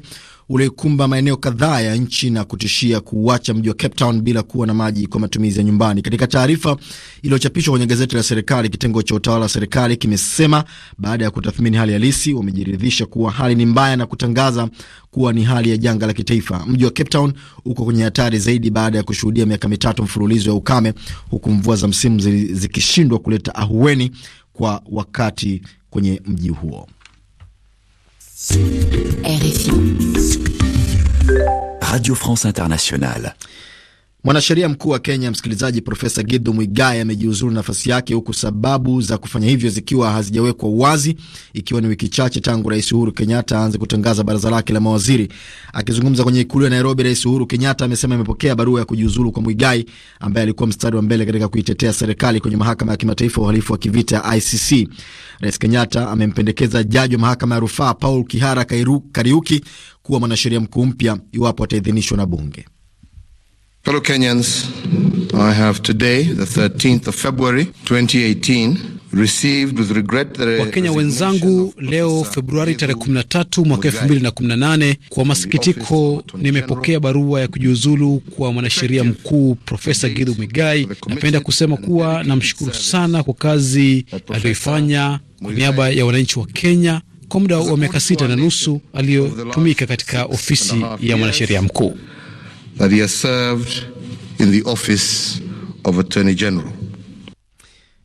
ulioikumba maeneo kadhaa ya nchi na kutishia kuuacha mji wa Cape Town bila kuwa na maji kwa matumizi ya nyumbani. Katika taarifa iliyochapishwa kwenye gazeti la serikali, kitengo cha utawala wa serikali kimesema baada ya kutathmini hali halisi, wamejiridhisha kuwa hali ni mbaya na kutangaza kuwa ni hali ya janga la kitaifa. Mji wa Cape Town uko kwenye hatari zaidi baada ya kushuhudia miaka mitatu mfululizo ya ukame, huku mvua za msimu zikishindwa kuleta ahueni kwa wakati kwenye mji huo. RFI. Radio France Internationale. Mwanasheria mkuu wa Kenya, msikilizaji, Profesa Githu Muigai amejiuzulu nafasi yake, huku sababu za kufanya hivyo zikiwa hazijawekwa wazi, ikiwa ni wiki chache tangu Rais Uhuru Kenyatta aanze kutangaza baraza lake la mawaziri. Akizungumza kwenye ikulu ya Nairobi, Rais Uhuru Kenyatta amesema amepokea barua ya kujiuzulu kwa Mwigai ambaye alikuwa mstari wa mbele katika kuitetea serikali kwenye mahakama ya kimataifa ya uhalifu wa kivita ya ICC. Rais Kenyatta amempendekeza jaji wa mahakama ya rufaa Paul Kihara Kariuki kuwa mwanasheria mkuu mpya iwapo ataidhinishwa na bunge. Fellow Kenyans, I have today, the 13th of February 2018, Wakenya wenzangu, leo Februari tarehe 13 mwaka 2018, kwa masikitiko nimepokea barua ya kujiuzulu kwa mwanasheria mkuu Profesa Githu migai Napenda kusema kuwa namshukuru sana kwa kazi aliyoifanya kwa niaba ya wananchi wa Kenya kwa muda wa miaka sita na nusu aliyotumika katika ofisi ya mwanasheria mkuu that he has served in the office of Attorney General.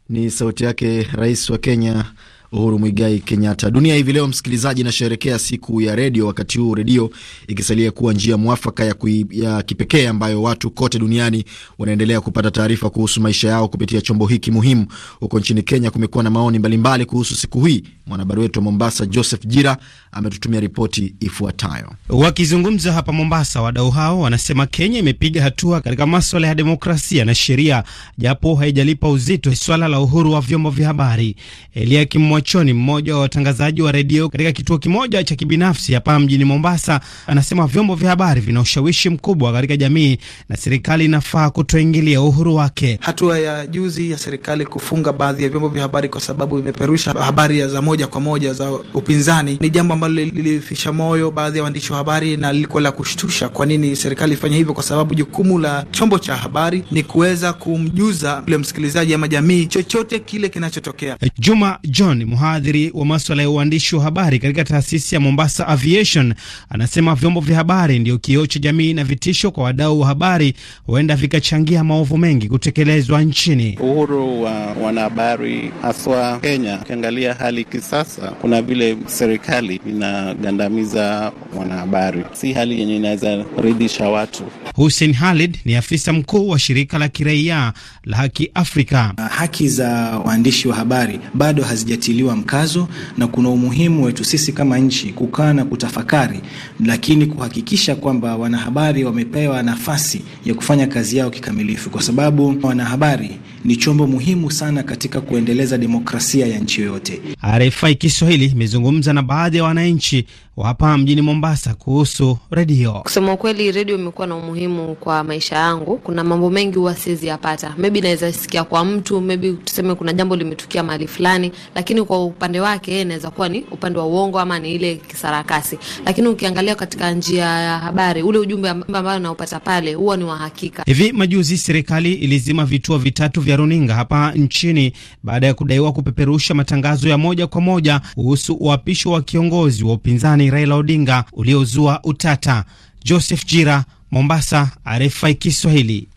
Ni sauti yake Rais wa Kenya Uhuru Mwigai Kenyatta. Dunia hivi leo, msikilizaji, inasherekea siku ya redio, wakati huu redio ikisalia kuwa njia mwafaka ya, ya kipekee ambayo watu kote duniani wanaendelea kupata taarifa kuhusu maisha yao kupitia chombo hiki muhimu. Huko nchini Kenya kumekuwa na maoni mbalimbali kuhusu siku hii. Mwanahabari wetu wa Mombasa Joseph Jira ametutumia ripoti ifuatayo. Wakizungumza hapa Mombasa, wadau hao wanasema Kenya imepiga hatua katika maswala ya demokrasia na sheria, japo haijalipa uzito swala la uhuru wa vyombo vya habari. Eliakim Mwachoni, mmoja wa watangazaji wa redio katika kituo kimoja cha kibinafsi hapa mjini Mombasa, anasema vyombo vya habari vina ushawishi mkubwa katika jamii na serikali inafaa kutoingilia uhuru wake. Hatua ya juzi ya serikali kufunga baadhi ya vyombo vya habari kwa sababu vimeperusha habari za moja kwa moja za upinzani ni jambo ambalo lilifisha moyo baadhi ya waandishi wa habari na lilikuwa la kushtusha. Kwa nini serikali ifanye hivyo? Kwa sababu jukumu la chombo cha habari ni kuweza kumjuza yule msikilizaji ama jamii chochote kile kinachotokea. Eh, Juma John, mhadhiri wa maswala ya uandishi wa habari katika taasisi ya Mombasa Aviation, anasema vyombo vya habari ndio kioo cha jamii na vitisho kwa wadau wa habari huenda vikachangia maovu mengi kutekelezwa nchini. Uhuru wa wanahabari haswa Kenya, ukiangalia hali kisasa, kuna vile serikali inagandamiza wanahabari, si hali yenye inaweza ridhisha watu. Hussein Khalid ni afisa mkuu wa shirika la kiraia la Haki Afrika. Haki za waandishi wa habari bado hazijatiliwa mkazo, na kuna umuhimu wetu sisi kama nchi kukaa na kutafakari, lakini kuhakikisha kwamba wanahabari wamepewa nafasi ya kufanya kazi yao kikamilifu, kwa sababu wanahabari ni chombo muhimu sana katika kuendeleza demokrasia ya nchi yoyote. RFI Kiswahili imezungumza na baadhi ya wananchi wa hapa mjini Mombasa kuhusu redio. Kusema ukweli, redio imekuwa na umuhimu kwa maisha yangu. Kuna mambo mengi huwa siwezi yapata, maybe naweza sikia kwa mtu, maybe tuseme kuna jambo limetukia mahali fulani, lakini kwa upande wake inaweza kuwa ni upande wa uongo ama ni ile kisarakasi. Lakini ukiangalia katika njia ya habari, ule ujumbe ambao naupata pale huwa ni wa hakika. Hivi majuzi serikali ilizima vituo vitatu vya runinga hapa nchini baada ya kudaiwa kupeperusha matangazo ya moja kwa moja kuhusu uhapisho wa kiongozi wa upinzani Upinzani Raila Odinga uliozua utata. Joseph Jira, Mombasa, RFI Kiswahili.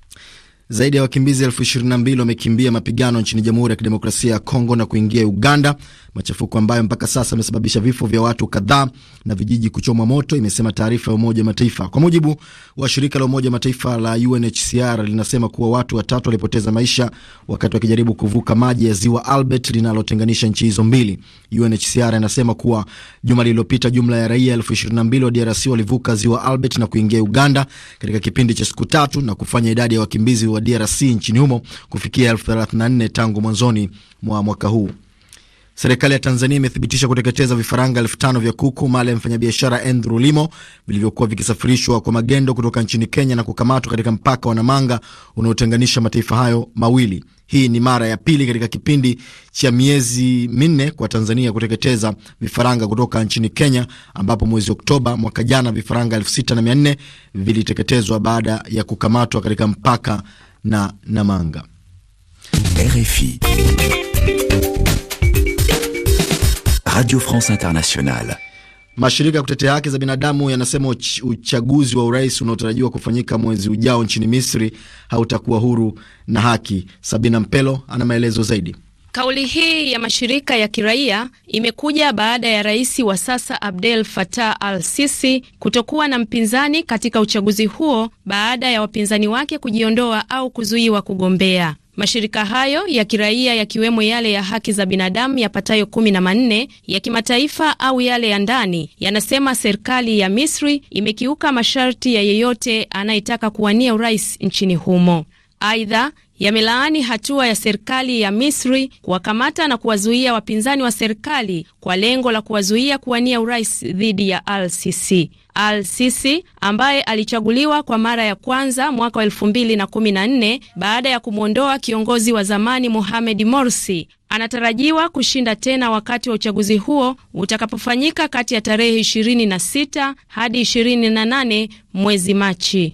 Zaidi ya wakimbizi elfu ishirini na mbili wamekimbia mapigano nchini Jamhuri ya Kidemokrasia ya Kongo na kuingia Uganda machafuko ambayo mpaka sasa yamesababisha vifo vya watu kadhaa na vijiji kuchomwa moto, imesema taarifa ya Umoja Mataifa. Kwa mujibu wa shirika la Umoja Mataifa la UNHCR linasema kuwa watu watatu walipoteza maisha wakati wakijaribu kuvuka maji ya ziwa Albert linalotenganisha nchi hizo mbili. UNHCR inasema kuwa juma lililopita jumla ya raia elfu ishirini na mbili wa DRC walivuka ziwa Albert na kuingia Uganda katika kipindi cha siku tatu na kufanya idadi ya wakimbizi wa DRC nchini humo kufikia elfu thelathini na nne tangu mwanzoni mwa mwaka huu. Serikali ya Tanzania imethibitisha kuteketeza vifaranga elfu tano vya kuku mali ya mfanyabiashara Andrew Limo vilivyokuwa vikisafirishwa kwa magendo kutoka nchini Kenya na kukamatwa katika mpaka wa Namanga unaotenganisha mataifa hayo mawili. Hii ni mara ya pili katika kipindi cha miezi minne kwa Tanzania kuteketeza vifaranga kutoka nchini Kenya, ambapo mwezi Oktoba mwaka jana vifaranga elfu sita na mia nne viliteketezwa baada ya kukamatwa katika mpaka na Namanga. RFI. Radio France Internationale. Mashirika ya kutetea haki za binadamu yanasema uchaguzi wa urais unaotarajiwa kufanyika mwezi ujao nchini Misri hautakuwa huru na haki. Sabina Mpelo ana maelezo zaidi. Kauli hii ya mashirika ya kiraia imekuja baada ya rais wa sasa Abdel Fattah al-Sisi kutokuwa na mpinzani katika uchaguzi huo baada ya wapinzani wake kujiondoa au kuzuiwa kugombea. Mashirika hayo ya kiraia yakiwemo yale ya haki za binadamu yapatayo kumi na manne ya kimataifa au yale ya ndani yanasema serikali ya Misri imekiuka masharti ya yeyote anayetaka kuwania urais nchini humo. Aidha, yamelaani hatua ya serikali ya Misri kuwakamata na kuwazuia wapinzani wa serikali kwa lengo la kuwazuia kuwania urais dhidi ya Al-Sisi al-Sisi ambaye alichaguliwa kwa mara ya kwanza mwaka wa 2014 baada ya kumwondoa kiongozi wa zamani Mohamed Morsi anatarajiwa kushinda tena wakati wa uchaguzi huo utakapofanyika kati ya tarehe 26 hadi 28 mwezi Machi.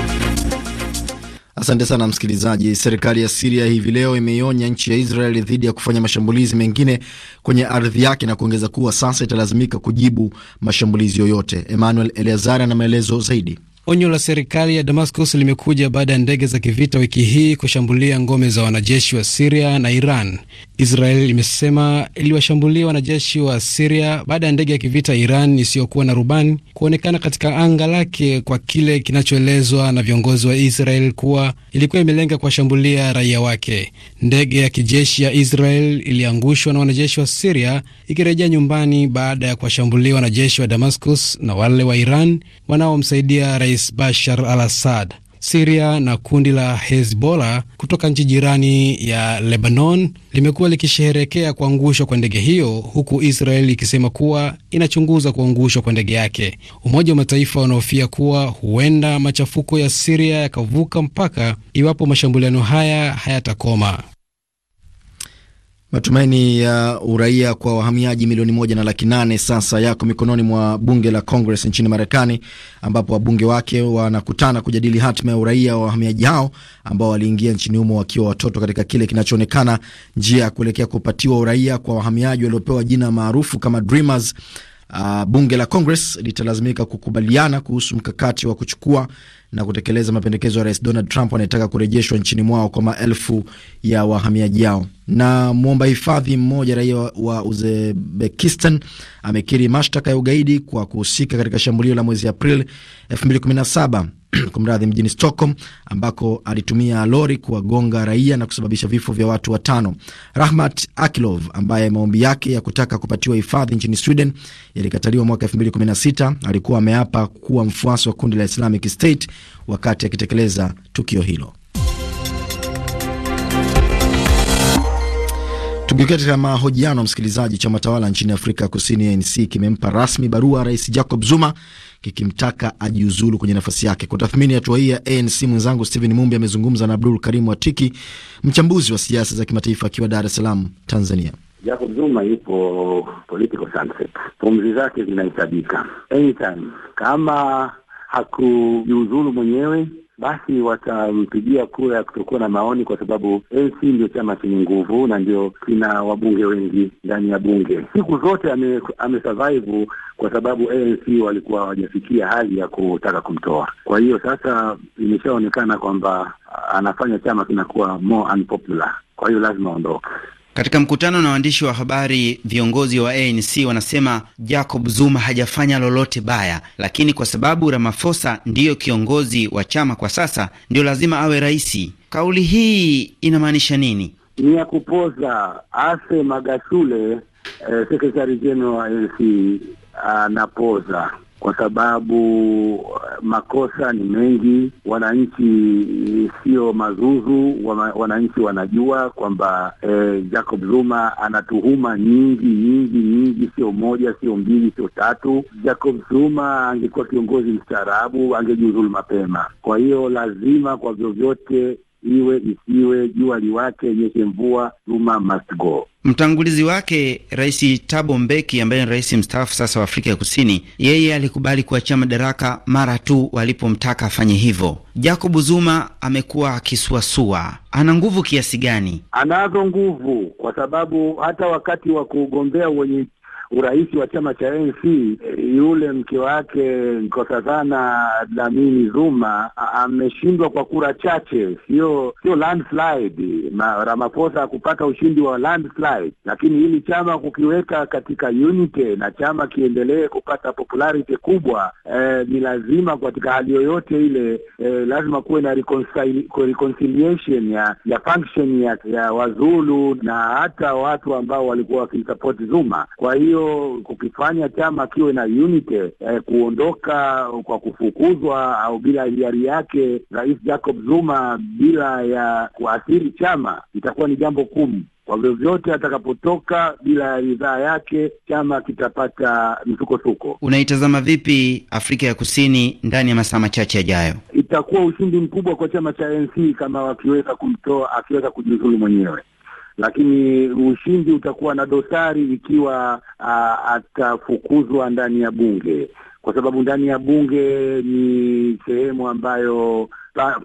Asante sana msikilizaji. Serikali ya Siria hivi leo imeionya nchi ya Israel dhidi ya kufanya mashambulizi mengine kwenye ardhi yake na kuongeza kuwa sasa italazimika kujibu mashambulizi yoyote. Emmanuel Eleazari ana maelezo zaidi. Onyo la serikali ya Damascus limekuja baada ya ndege za kivita wiki hii kushambulia ngome za wanajeshi wa Siria na Iran. Israel imesema iliwashambulia wanajeshi wa Siria baada ya ndege ya kivita Iran isiyokuwa na rubani kuonekana katika anga lake kwa kile kinachoelezwa na viongozi wa Israel kuwa ilikuwa imelenga kuwashambulia raia wake. Ndege ya kijeshi ya Israel iliangushwa na wanajeshi wa Siria ikirejea nyumbani baada ya kuwashambulia wanajeshi wa Damascus na wale wa Iran wanaomsaidia Rais Bashar al Assad. Siria na kundi la Hezbollah kutoka nchi jirani ya Lebanon limekuwa likisherehekea kuangushwa kwa ndege hiyo, huku Israel ikisema kuwa inachunguza kuangushwa kwa ndege yake. Umoja wa Mataifa wanahofia kuwa huenda machafuko ya Siria yakavuka mpaka iwapo mashambuliano haya hayatakoma. Matumaini ya uraia kwa wahamiaji milioni moja na laki nane sasa yako mikononi mwa bunge la Congress nchini Marekani, ambapo wabunge wake wanakutana kujadili hatima ya uraia wa wahamiaji hao ambao waliingia nchini humo wakiwa watoto katika kile kinachoonekana njia ya kuelekea kupatiwa uraia kwa wahamiaji waliopewa jina maarufu kama Dreamers. Uh, bunge la Congress litalazimika kukubaliana kuhusu mkakati wa kuchukua na kutekeleza mapendekezo ya Rais Donald Trump anayetaka kurejeshwa nchini mwao kwa maelfu ya wahamiaji yao. Na mwomba hifadhi mmoja raia wa Uzbekistan amekiri mashtaka ya ugaidi kwa kuhusika katika shambulio la mwezi Aprili 217 kumradhi, mjini Stockholm ambako alitumia lori kuwagonga raia na kusababisha vifo vya watu watano. Rahmat Akilov ambaye maombi yake ya kutaka kupatiwa hifadhi nchini Sweden yalikataliwa mwaka 2016 alikuwa ameapa kuwa mfuasi wa kundi la Islamic State wakati akitekeleza tukio hilo. Tukiukia katika mahojiano, msikilizaji, chama tawala nchini Afrika Kusini ANC kimempa rasmi barua Rais Jacob Zuma kikimtaka ajiuzulu kwenye nafasi yake. Kwa tathmini hatua hii ya ANC, mwenzangu Stephen Mumbi amezungumza na Abdul Karimu Atiki, mchambuzi wa siasa za kimataifa akiwa Dar es Salaam, Tanzania. Jacob Zuma yupo political sunset, pumzi zake zinahitajika anytime. Kama hakujiuzulu mwenyewe basi watampigia kura ya kutokuwa na maoni, kwa sababu ANC ndio chama chenye nguvu na ndio kina wabunge wengi ndani ya bunge. Siku zote amesurvive ame kwa sababu ANC walikuwa hawajafikia hali ya kutaka kumtoa. Kwa hiyo sasa imeshaonekana kwamba anafanya chama kinakuwa more unpopular, kwa hiyo lazima aondoke. Katika mkutano na waandishi wa habari, viongozi wa ANC wanasema Jacob Zuma hajafanya lolote baya, lakini kwa sababu Ramaphosa ndiyo kiongozi wa chama kwa sasa, ndio lazima awe rais. Kauli hii inamaanisha nini? Ni ya kupoza. Ase Magashule, eh, sekretari jenerali wa ANC anapoza kwa sababu eh, makosa ni mengi. Wananchi sio mazuzu, wananchi wanajua kwamba eh, Jacob Zuma ana tuhuma nyingi nyingi nyingi, sio moja, sio mbili, sio tatu. Jacob Zuma angekuwa kiongozi mstaarabu, angejiuzulu mapema. Kwa hiyo lazima kwa vyovyote iwe isiwe, jua liwake, nyeshe mvua, Zuma must go. Mtangulizi wake Rais Thabo Mbeki ambaye ni rais mstaafu sasa wa Afrika ya Kusini, yeye alikubali kuachia madaraka mara tu walipomtaka afanye hivyo. Jacob Zuma amekuwa akisuasua. Ana nguvu kiasi gani? Anazo nguvu, kwa sababu hata wakati wa kugombea wenye urais wa chama cha ANC, yule mke wake Nkosazana Dlamini Zuma ameshindwa kwa kura chache, sio sio landslide. Ramaphosa kupata ushindi wa landslide, lakini hili chama kukiweka katika unity na chama kiendelee kupata popularity kubwa, eh, ni lazima katika hali yoyote ile, eh, lazima kuwe na reconciliation ya ya function ya, ya Wazulu na hata watu ambao walikuwa wakimsapoti Zuma. Kwa hiyo hiyo kukifanya chama kiwe na unity eh, kuondoka kwa kufukuzwa au bila hiari yake Rais Jacob Zuma bila ya kuathiri chama itakuwa ni jambo kumi Kwa vyovyote atakapotoka bila ya ridhaa yake, chama kitapata msukosuko. Unaitazama vipi Afrika ya Kusini ndani ya masaa machache yajayo? Itakuwa ushindi mkubwa kwa chama cha ANC kama wakiweza kumtoa, akiweza kujiuzulu mwenyewe lakini ushindi utakuwa na dosari ikiwa atafukuzwa ndani ya bunge, kwa sababu ndani ya bunge ni sehemu ambayo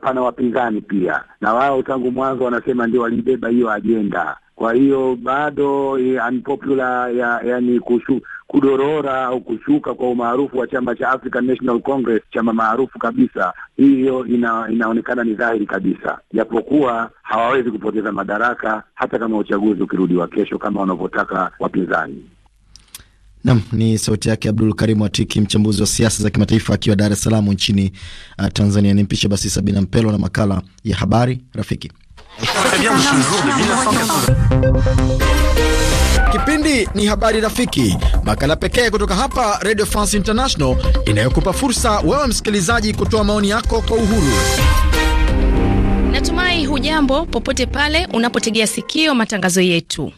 pana wapinzani pia, na wao tangu mwanzo wanasema ndio walibeba hiyo ajenda. Kwa hiyo bado eh, unpopular ya, yani kushu kudorora au kushuka kwa umaarufu wa chama cha African National Congress, chama maarufu kabisa. Hiyo ina, inaonekana ni dhahiri kabisa, japokuwa hawawezi kupoteza madaraka hata kama uchaguzi ukirudiwa kesho kama wanavyotaka wapinzani. Nam ni sauti yake Abdul karimu atiki mchambuzi wa siasa za kimataifa akiwa Dar es Salaam nchini uh, Tanzania. Nimpishe basi Sabina Mpelo na makala ya habari rafiki. Kipindi ni Habari Rafiki, makala pekee kutoka hapa Radio France International inayokupa fursa wewe msikilizaji kutoa maoni yako kwa uhuru. Natumai hujambo popote pale unapotegea sikio matangazo yetu.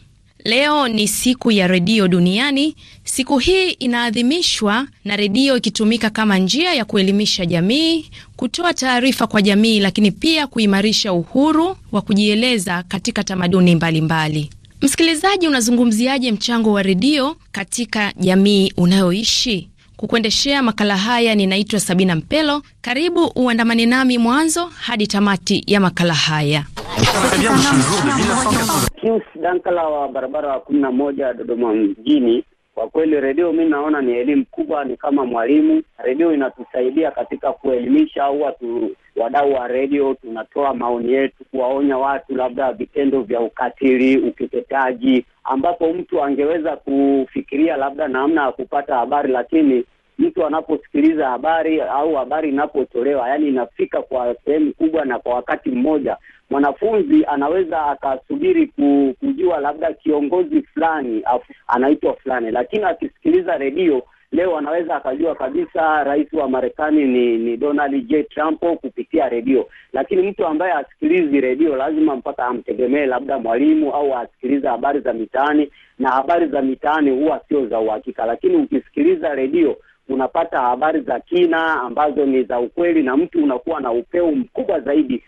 Leo ni siku ya redio duniani. Siku hii inaadhimishwa na redio ikitumika kama njia ya kuelimisha jamii, kutoa taarifa kwa jamii, lakini pia kuimarisha uhuru wa kujieleza katika tamaduni mbalimbali Msikilizaji, unazungumziaje mchango wa redio katika jamii unayoishi? Kukuendeshea makala haya ninaitwa Sabina Mpelo. Karibu uandamane nami mwanzo hadi tamati ya makala haya. Dankala wa barabara wa kumi na moja Dodoma mjini kwa kweli redio mi naona ni elimu kubwa, ni kama mwalimu. Redio inatusaidia katika kuelimisha, au watu wadau wa redio tunatoa maoni yetu, kuwaonya watu labda vitendo vya ukatili, ukeketaji, ambapo mtu angeweza kufikiria labda namna ya kupata habari, lakini mtu anaposikiliza habari au habari inapotolewa, yani inafika kwa sehemu kubwa na kwa wakati mmoja. Mwanafunzi anaweza akasubiri kujua labda kiongozi fulani anaitwa fulani, lakini akisikiliza redio leo anaweza akajua kabisa rais wa Marekani ni, ni Donald J Trump kupitia redio. Lakini mtu ambaye asikilizi redio lazima mpaka amtegemee labda mwalimu au asikilize habari za mitaani, na habari za mitaani huwa sio za uhakika, lakini ukisikiliza redio unapata habari za kina ambazo ni za ukweli na mtu unakuwa na upeo mkubwa zaidi.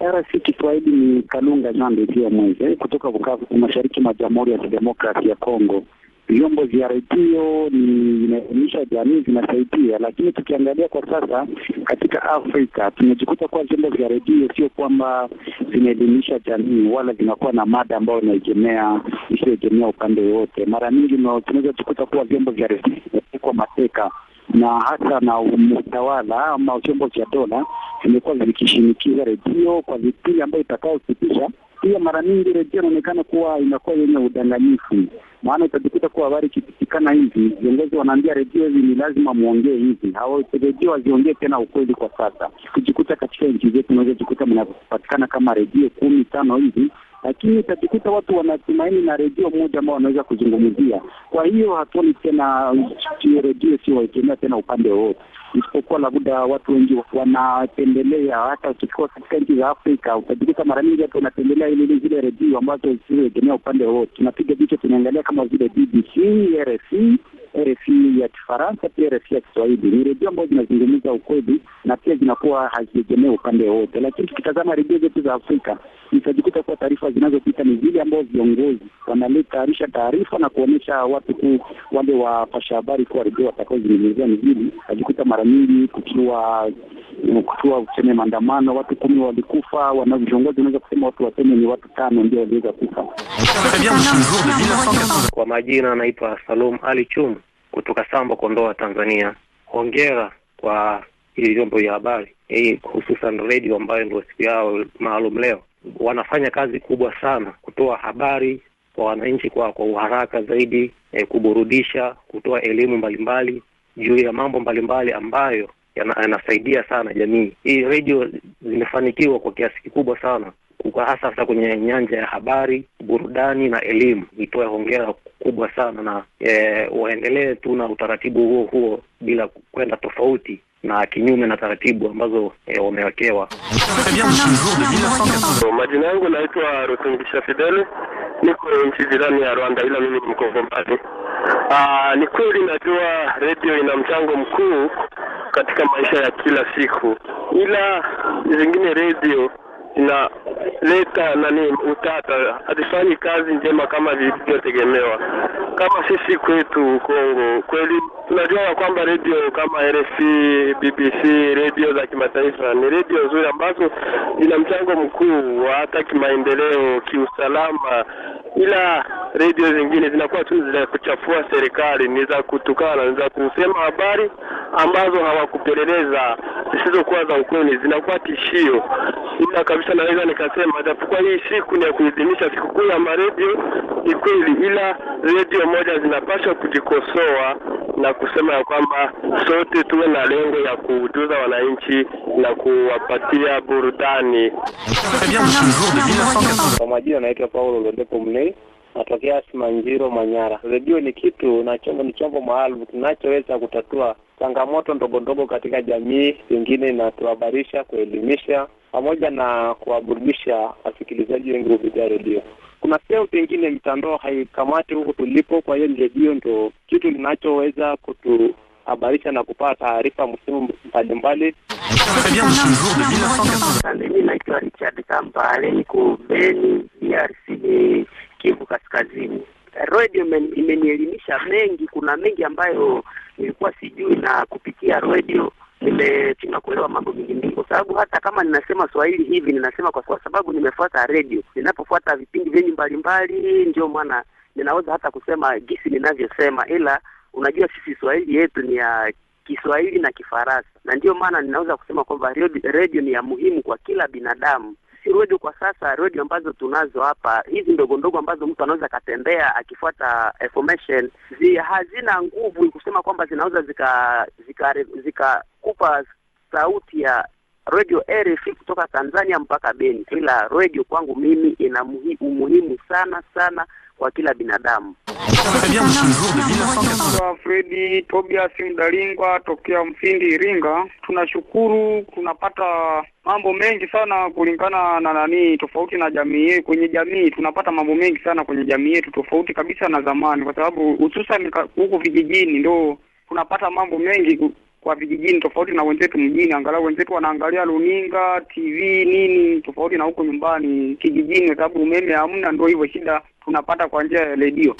RC Kiswahili ni Kalunga Nyambe pia mweze kutoka Bukavu, mashariki mwa Jamhuri ya Kidemokrasi ya Kongo vyombo vya redio ni vinaelimisha jamii, vinasaidia. Lakini tukiangalia kwa sasa katika Afrika tumejikuta kuwa vyombo vya redio sio kwamba vinaelimisha jamii wala vinakuwa na mada ambayo inaegemea isiyoegemea upande wowote. Mara nyingi tunaweza jikuta kuwa vyombo vya redio vinapikwa mateka na hata na utawala ama vyombo vya dola vimekuwa vikishinikiza redio kwa vipindi ambayo itakayopitisha. Pia mara nyingi redio inaonekana kuwa inakuwa yenye udanganyifu maana itajikuta kuwa habari ikipitikana hivi, viongozi wanaambia redio hivi ni lazima mwongee hivi, redio waziongee tena ukweli. Kwa sasa kujikuta katika nchi zetu unaweza jikuta mnapatikana kama redio kumi tano hivi lakini utajikuta watu wanatumaini na redio moja ambao wanaweza kuzungumzia. Kwa hiyo hatuoni tena redio sio waikemea tena upande wowote, isipokuwa labda watu wengi wanapendelea. Hata ukikuwa katika nchi za Afrika utajikuta mara nyingi watu wanapendelea ile zile redio ambazo zisizoegemea upande wowote. Tunapiga jicho, tunaangalia kama vile BBC, RFI, RFI ya Kifaransa pia RFI ya Kiswahili. Ni redio ambazo zinazungumza ukweli na pia zinakuwa haziegemea upande wowote, lakini tukitazama redio zetu za Afrika nitajikuta kuwa taarifa zinazopita ni zile ambao viongozi wanatayarisha taarifa na kuonyesha watu ku wale wapasha habari kuwa redio watakaozungumzia ni zile. Najikuta mara nyingi kukiwa kukiwa kuseme maandamano, watu kumi walikufa, wana viongozi wanaweza kusema watu waseme ni watu tano ndio waliweza kufa kwa majina anaitwa Salum Ali Chum kutoka Samba, Kondoa, Tanzania. Hongera kwa hivi vyombo vya habari hii, hususan redio ambayo ndio siku yao maalum leo. Wanafanya kazi kubwa sana kutoa habari kwa wananchi kwa kwa uharaka zaidi, eh, kuburudisha, kutoa elimu mbalimbali juu ya mambo mbalimbali ambayo yanasaidia sana jamii. Hii redio zimefanikiwa kwa kiasi kikubwa sana hasa hasa kwenye nyanja ya habari, burudani na elimu. Nitoe hongera kubwa sana na e, waendelee tu na utaratibu huo huo bila kwenda tofauti na kinyume na taratibu ambazo e, wamewekewa. Majina yangu naitwa Rutungisha Fideli, niko nchi jirani ya Rwanda, ila mimi ni mbali. Ah, ni kweli najua redio ina mchango mkuu katika maisha ya kila siku, ila zingine redio inaleta nani utata, hatifanyi kazi njema kama vilivyotegemewa. Kama sisi kwetu Kongo kweli tunajua ya kwamba redio kama RFI, BBC, redio za kimataifa ni redio nzuri ambazo zina mchango mkuu wa hata kimaendeleo, kiusalama, ila redio zingine zinakuwa tu za kuchafua serikali, ni za kutukana, ni za kusema habari ambazo hawakupeleleza zisizokuwa za ukweli, zinakuwa tishio ila kabisa kabisa, naweza nikasema japokuwa hii siku ni ya kuidhinisha sikukuu ya maredio, ni kweli, ila redio moja zinapaswa kujikosoa na kusema ya kwamba sote tuwe na lengo ya kuujuza wananchi na kuwapatia burudani. Kwa majina naitwa Paulo Londepo Mlei, natokea Simanjiro, Manyara. Redio ni kitu na chombo, ni chombo maalum kinachoweza kutatua changamoto ndogo ndogo katika jamii, pengine inatuhabarisha, kuelimisha pamoja na kuwaburudisha wasikilizaji wengi kupitia redio. Kuna sehemu pengine mitandao haikamati huku tulipo, kwa hiyo redio ndo kitu linachoweza kutuhabarisha na kupata taarifa muhimu mbalimbali. Mimi naitwa Richard Kambale, niko Beni, DRC, Kivu Kaskazini. Redio imenielimisha mengi, kuna mengi ambayo nilikuwa sijui na kupitia redio nimeshindwa kuelewa mambo mingi mingi, kwa sababu hata kama ninasema Swahili hivi ninasema kwa, sababu nimefuata redio, ninapofuata vipindi vyenyu mbalimbali, ndio maana ninaweza hata kusema gisi ninavyosema, ila unajua sisi Swahili yetu ni ya Kiswahili na Kifaransa, na ndio maana ninaweza kusema kwamba redio ni ya muhimu kwa kila binadamu si redio kwa sasa, redio ambazo tunazo hapa hizi ndogo ndogo ambazo mtu anaweza akatembea akifuata information zi, hazina nguvu kusema kwamba zinaweza zika zikakupa zika, zika sauti ya redio RFI kutoka Tanzania mpaka Beni, ila redio kwangu mimi ina umuhimu sana sana kwa kila binadamu. Fredi Tobias Mdalingwa tokea Mfindi, Iringa. Tunashukuru tunapata mambo mengi sana kulingana na nani, tofauti na jamii yetu. Kwenye jamii tunapata mambo mengi sana kwenye jamii yetu, tofauti kabisa na zamani, kwa sababu hususan huko vijijini ndo tunapata mambo mengi kwa vijijini, tofauti na wenzetu mjini. Angalau wenzetu wanaangalia runinga, TV nini, tofauti na huko nyumbani kijijini, sababu umeme hamna, ndio hivyo shida tunapata kwa njia ya redio.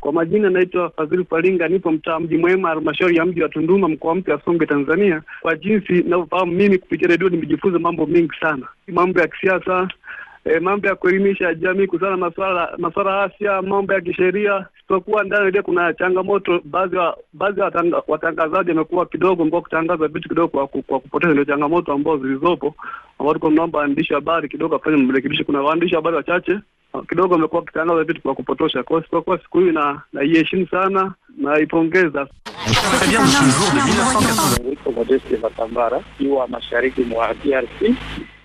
Kwa majina naitwa Fadhili Faringa, nipo mtaa mji mwema, halmashauri ya mji wa Tunduma, mkoa mpya wa Songwe, Tanzania. Kwa jinsi ninavyofahamu mimi, kupitia redio nimejifunza mambo mengi sana, mambo ya kisiasa e, mambo ya kuelimisha jamii kuhusiana na masuala asya afya, mambo ya kisheria. Isipokuwa ndani ile kuna changamoto, baadhi ya baadhi ya watangazaji wamekuwa kidogo mko kutangaza vitu kidogo kwa, kwa kupoteza, ndio changamoto ambazo zilizopo, tuko naomba waandishi habari kidogo afanye mrekebisho. Kuna waandishi habari wachache ah, kidogo wamekuwa wakitangaza vitu kwa kupotosha. Kwa hiyo kwa siku hii na naiheshimu sana naipongeza Matambara mashariki mwa DRC.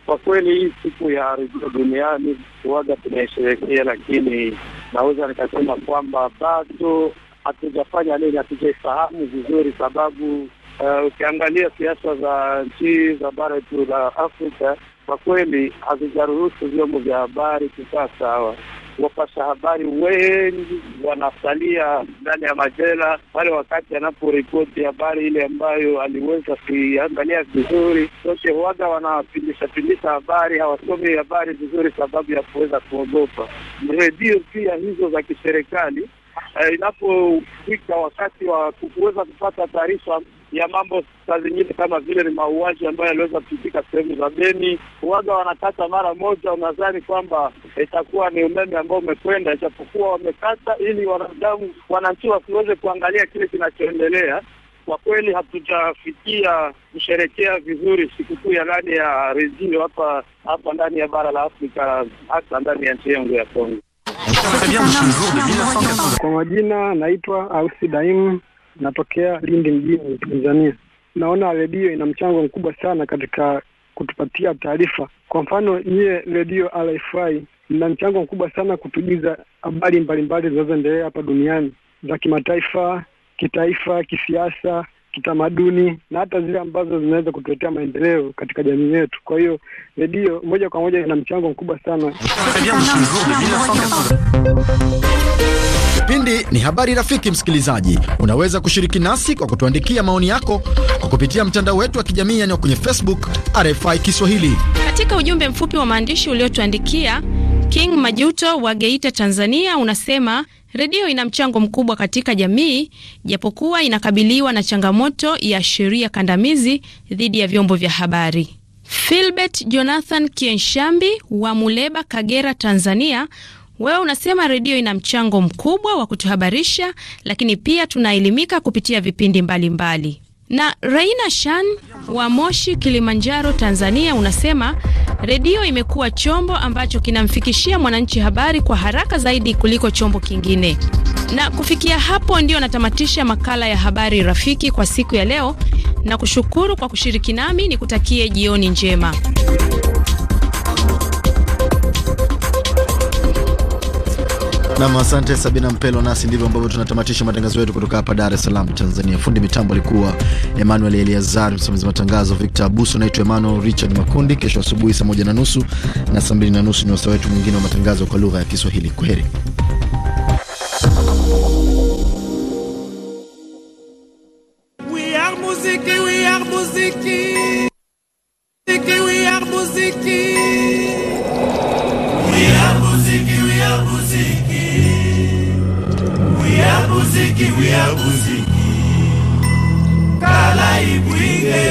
Kwa kweli hii siku ya redio duniani huwaga tunaisherehekea, lakini naweza nikasema kwamba bado hatujafanya nini, hatujaifahamu vizuri, sababu eh, ukiangalia uh, siasa za nchi za bara letu la Afrika kwa kweli hazijaruhusu vyombo vya habari kukaa sawa wapasha habari wengi wanasalia ndani ya majela pale, wakati anaporipoti habari ile ambayo aliweza kuiangalia vizuri. Sote waga wanapindishapindisha habari, hawasomi habari vizuri sababu ya kuweza kuogopa. Redio pia hizo za kiserikali Uh, inapofika wakati wa kuweza kupata taarifa ya mambo saa zingine kama vile ni mauaji ambayo yaliweza kupitika sehemu za Beni. Waga wanakata mara moja, unadhani kwamba itakuwa ni umeme ambao umekwenda, ijapokuwa wamekata ili wanadamu, wananchi wasiweze kuangalia kile kinachoendelea. Kwa kweli hatujafikia kusherekea vizuri sikukuu ya ndani ya redio hapa hapa ndani ya bara la Afrika, hasa ndani ya nchi yangu ya Kongo. Kwa majina naitwa Ausi Daimu natokea Lindi mjini Tanzania. Naona redio ina mchango mkubwa sana katika kutupatia taarifa. Kwa mfano, nyie redio RFI ina mchango mkubwa sana kutujuza habari mbalimbali zinazoendelea hapa duniani za kimataifa, kitaifa, kisiasa kitamaduni na hata zile ambazo zinaweza kutuletea maendeleo katika jamii yetu. Kwa hiyo redio moja kwa moja ina mchango mkubwa sana. Kipindi ni habari rafiki. Msikilizaji, unaweza kushiriki nasi kwa kutuandikia maoni yako kwa kupitia mtandao wetu wa kijamii, yani kwenye Facebook RFI Kiswahili. Katika ujumbe mfupi wa maandishi uliotuandikia King Majuto wa Geita, Tanzania, unasema redio ina mchango mkubwa katika jamii, japokuwa inakabiliwa na changamoto ya sheria kandamizi dhidi ya vyombo vya habari. filbert Jonathan Kienshambi wa Muleba, Kagera, Tanzania, wewe unasema redio ina mchango mkubwa wa kutuhabarisha, lakini pia tunaelimika kupitia vipindi mbalimbali mbali. Na Raina Shan wa Moshi, Kilimanjaro, Tanzania, unasema redio imekuwa chombo ambacho kinamfikishia mwananchi habari kwa haraka zaidi kuliko chombo kingine. Na kufikia hapo ndio natamatisha makala ya habari rafiki kwa siku ya leo, na kushukuru kwa kushiriki nami, nikutakie jioni njema. Nam, asante Sabina Mpelo. Nasi ndivyo ambavyo tunatamatisha matangazo yetu kutoka hapa Dar es Salaam, Tanzania. Fundi mitambo alikuwa Emmanuel eliazar msimamizi matangazo Victor Abuso. Naitwa Emmanuel Richard Makundi. Kesho asubuhi saa moja na nusu na saa mbili na nusu ni wasaa wetu mwingine wa matangazo kwa lugha ya Kiswahili. Kwaheri. muziki wiya muziki kala ibwinge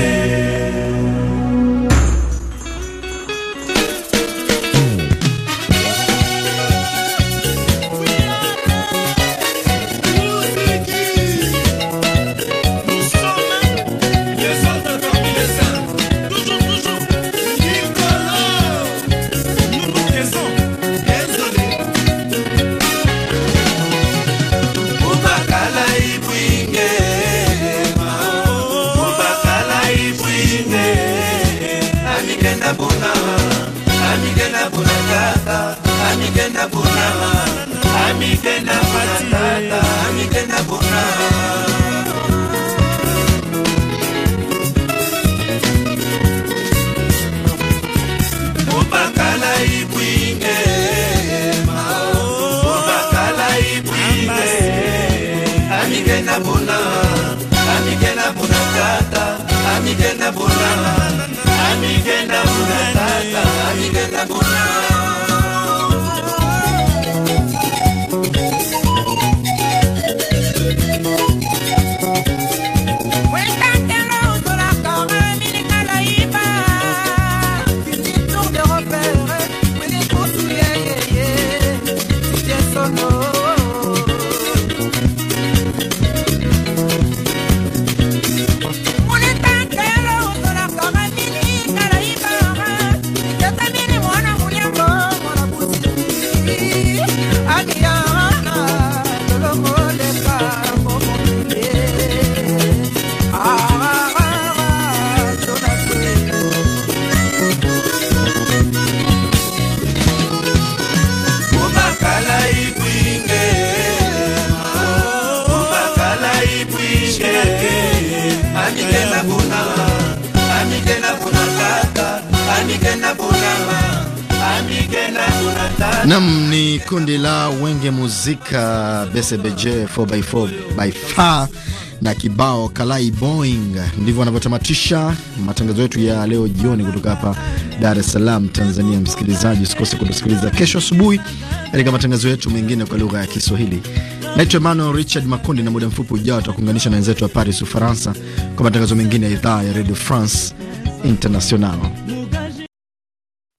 Nam ni kundi la Wenge Muzika BCBJ 4x4 by far na kibao Kalai boing Ndivyo wanavyotamatisha matangazo yetu ya leo jioni kutoka hapa Dar es Salaam, Tanzania. Msikilizaji, usikose kutusikiliza kesho asubuhi katika matangazo yetu mengine kwa lugha ya Kiswahili. Naitwa Emmanuel Richard Makundi, na muda mfupi ujao atakuunganisha na wenzetu wa Paris, Ufaransa, kwa matangazo mengine ya idhaa ya Radio France International.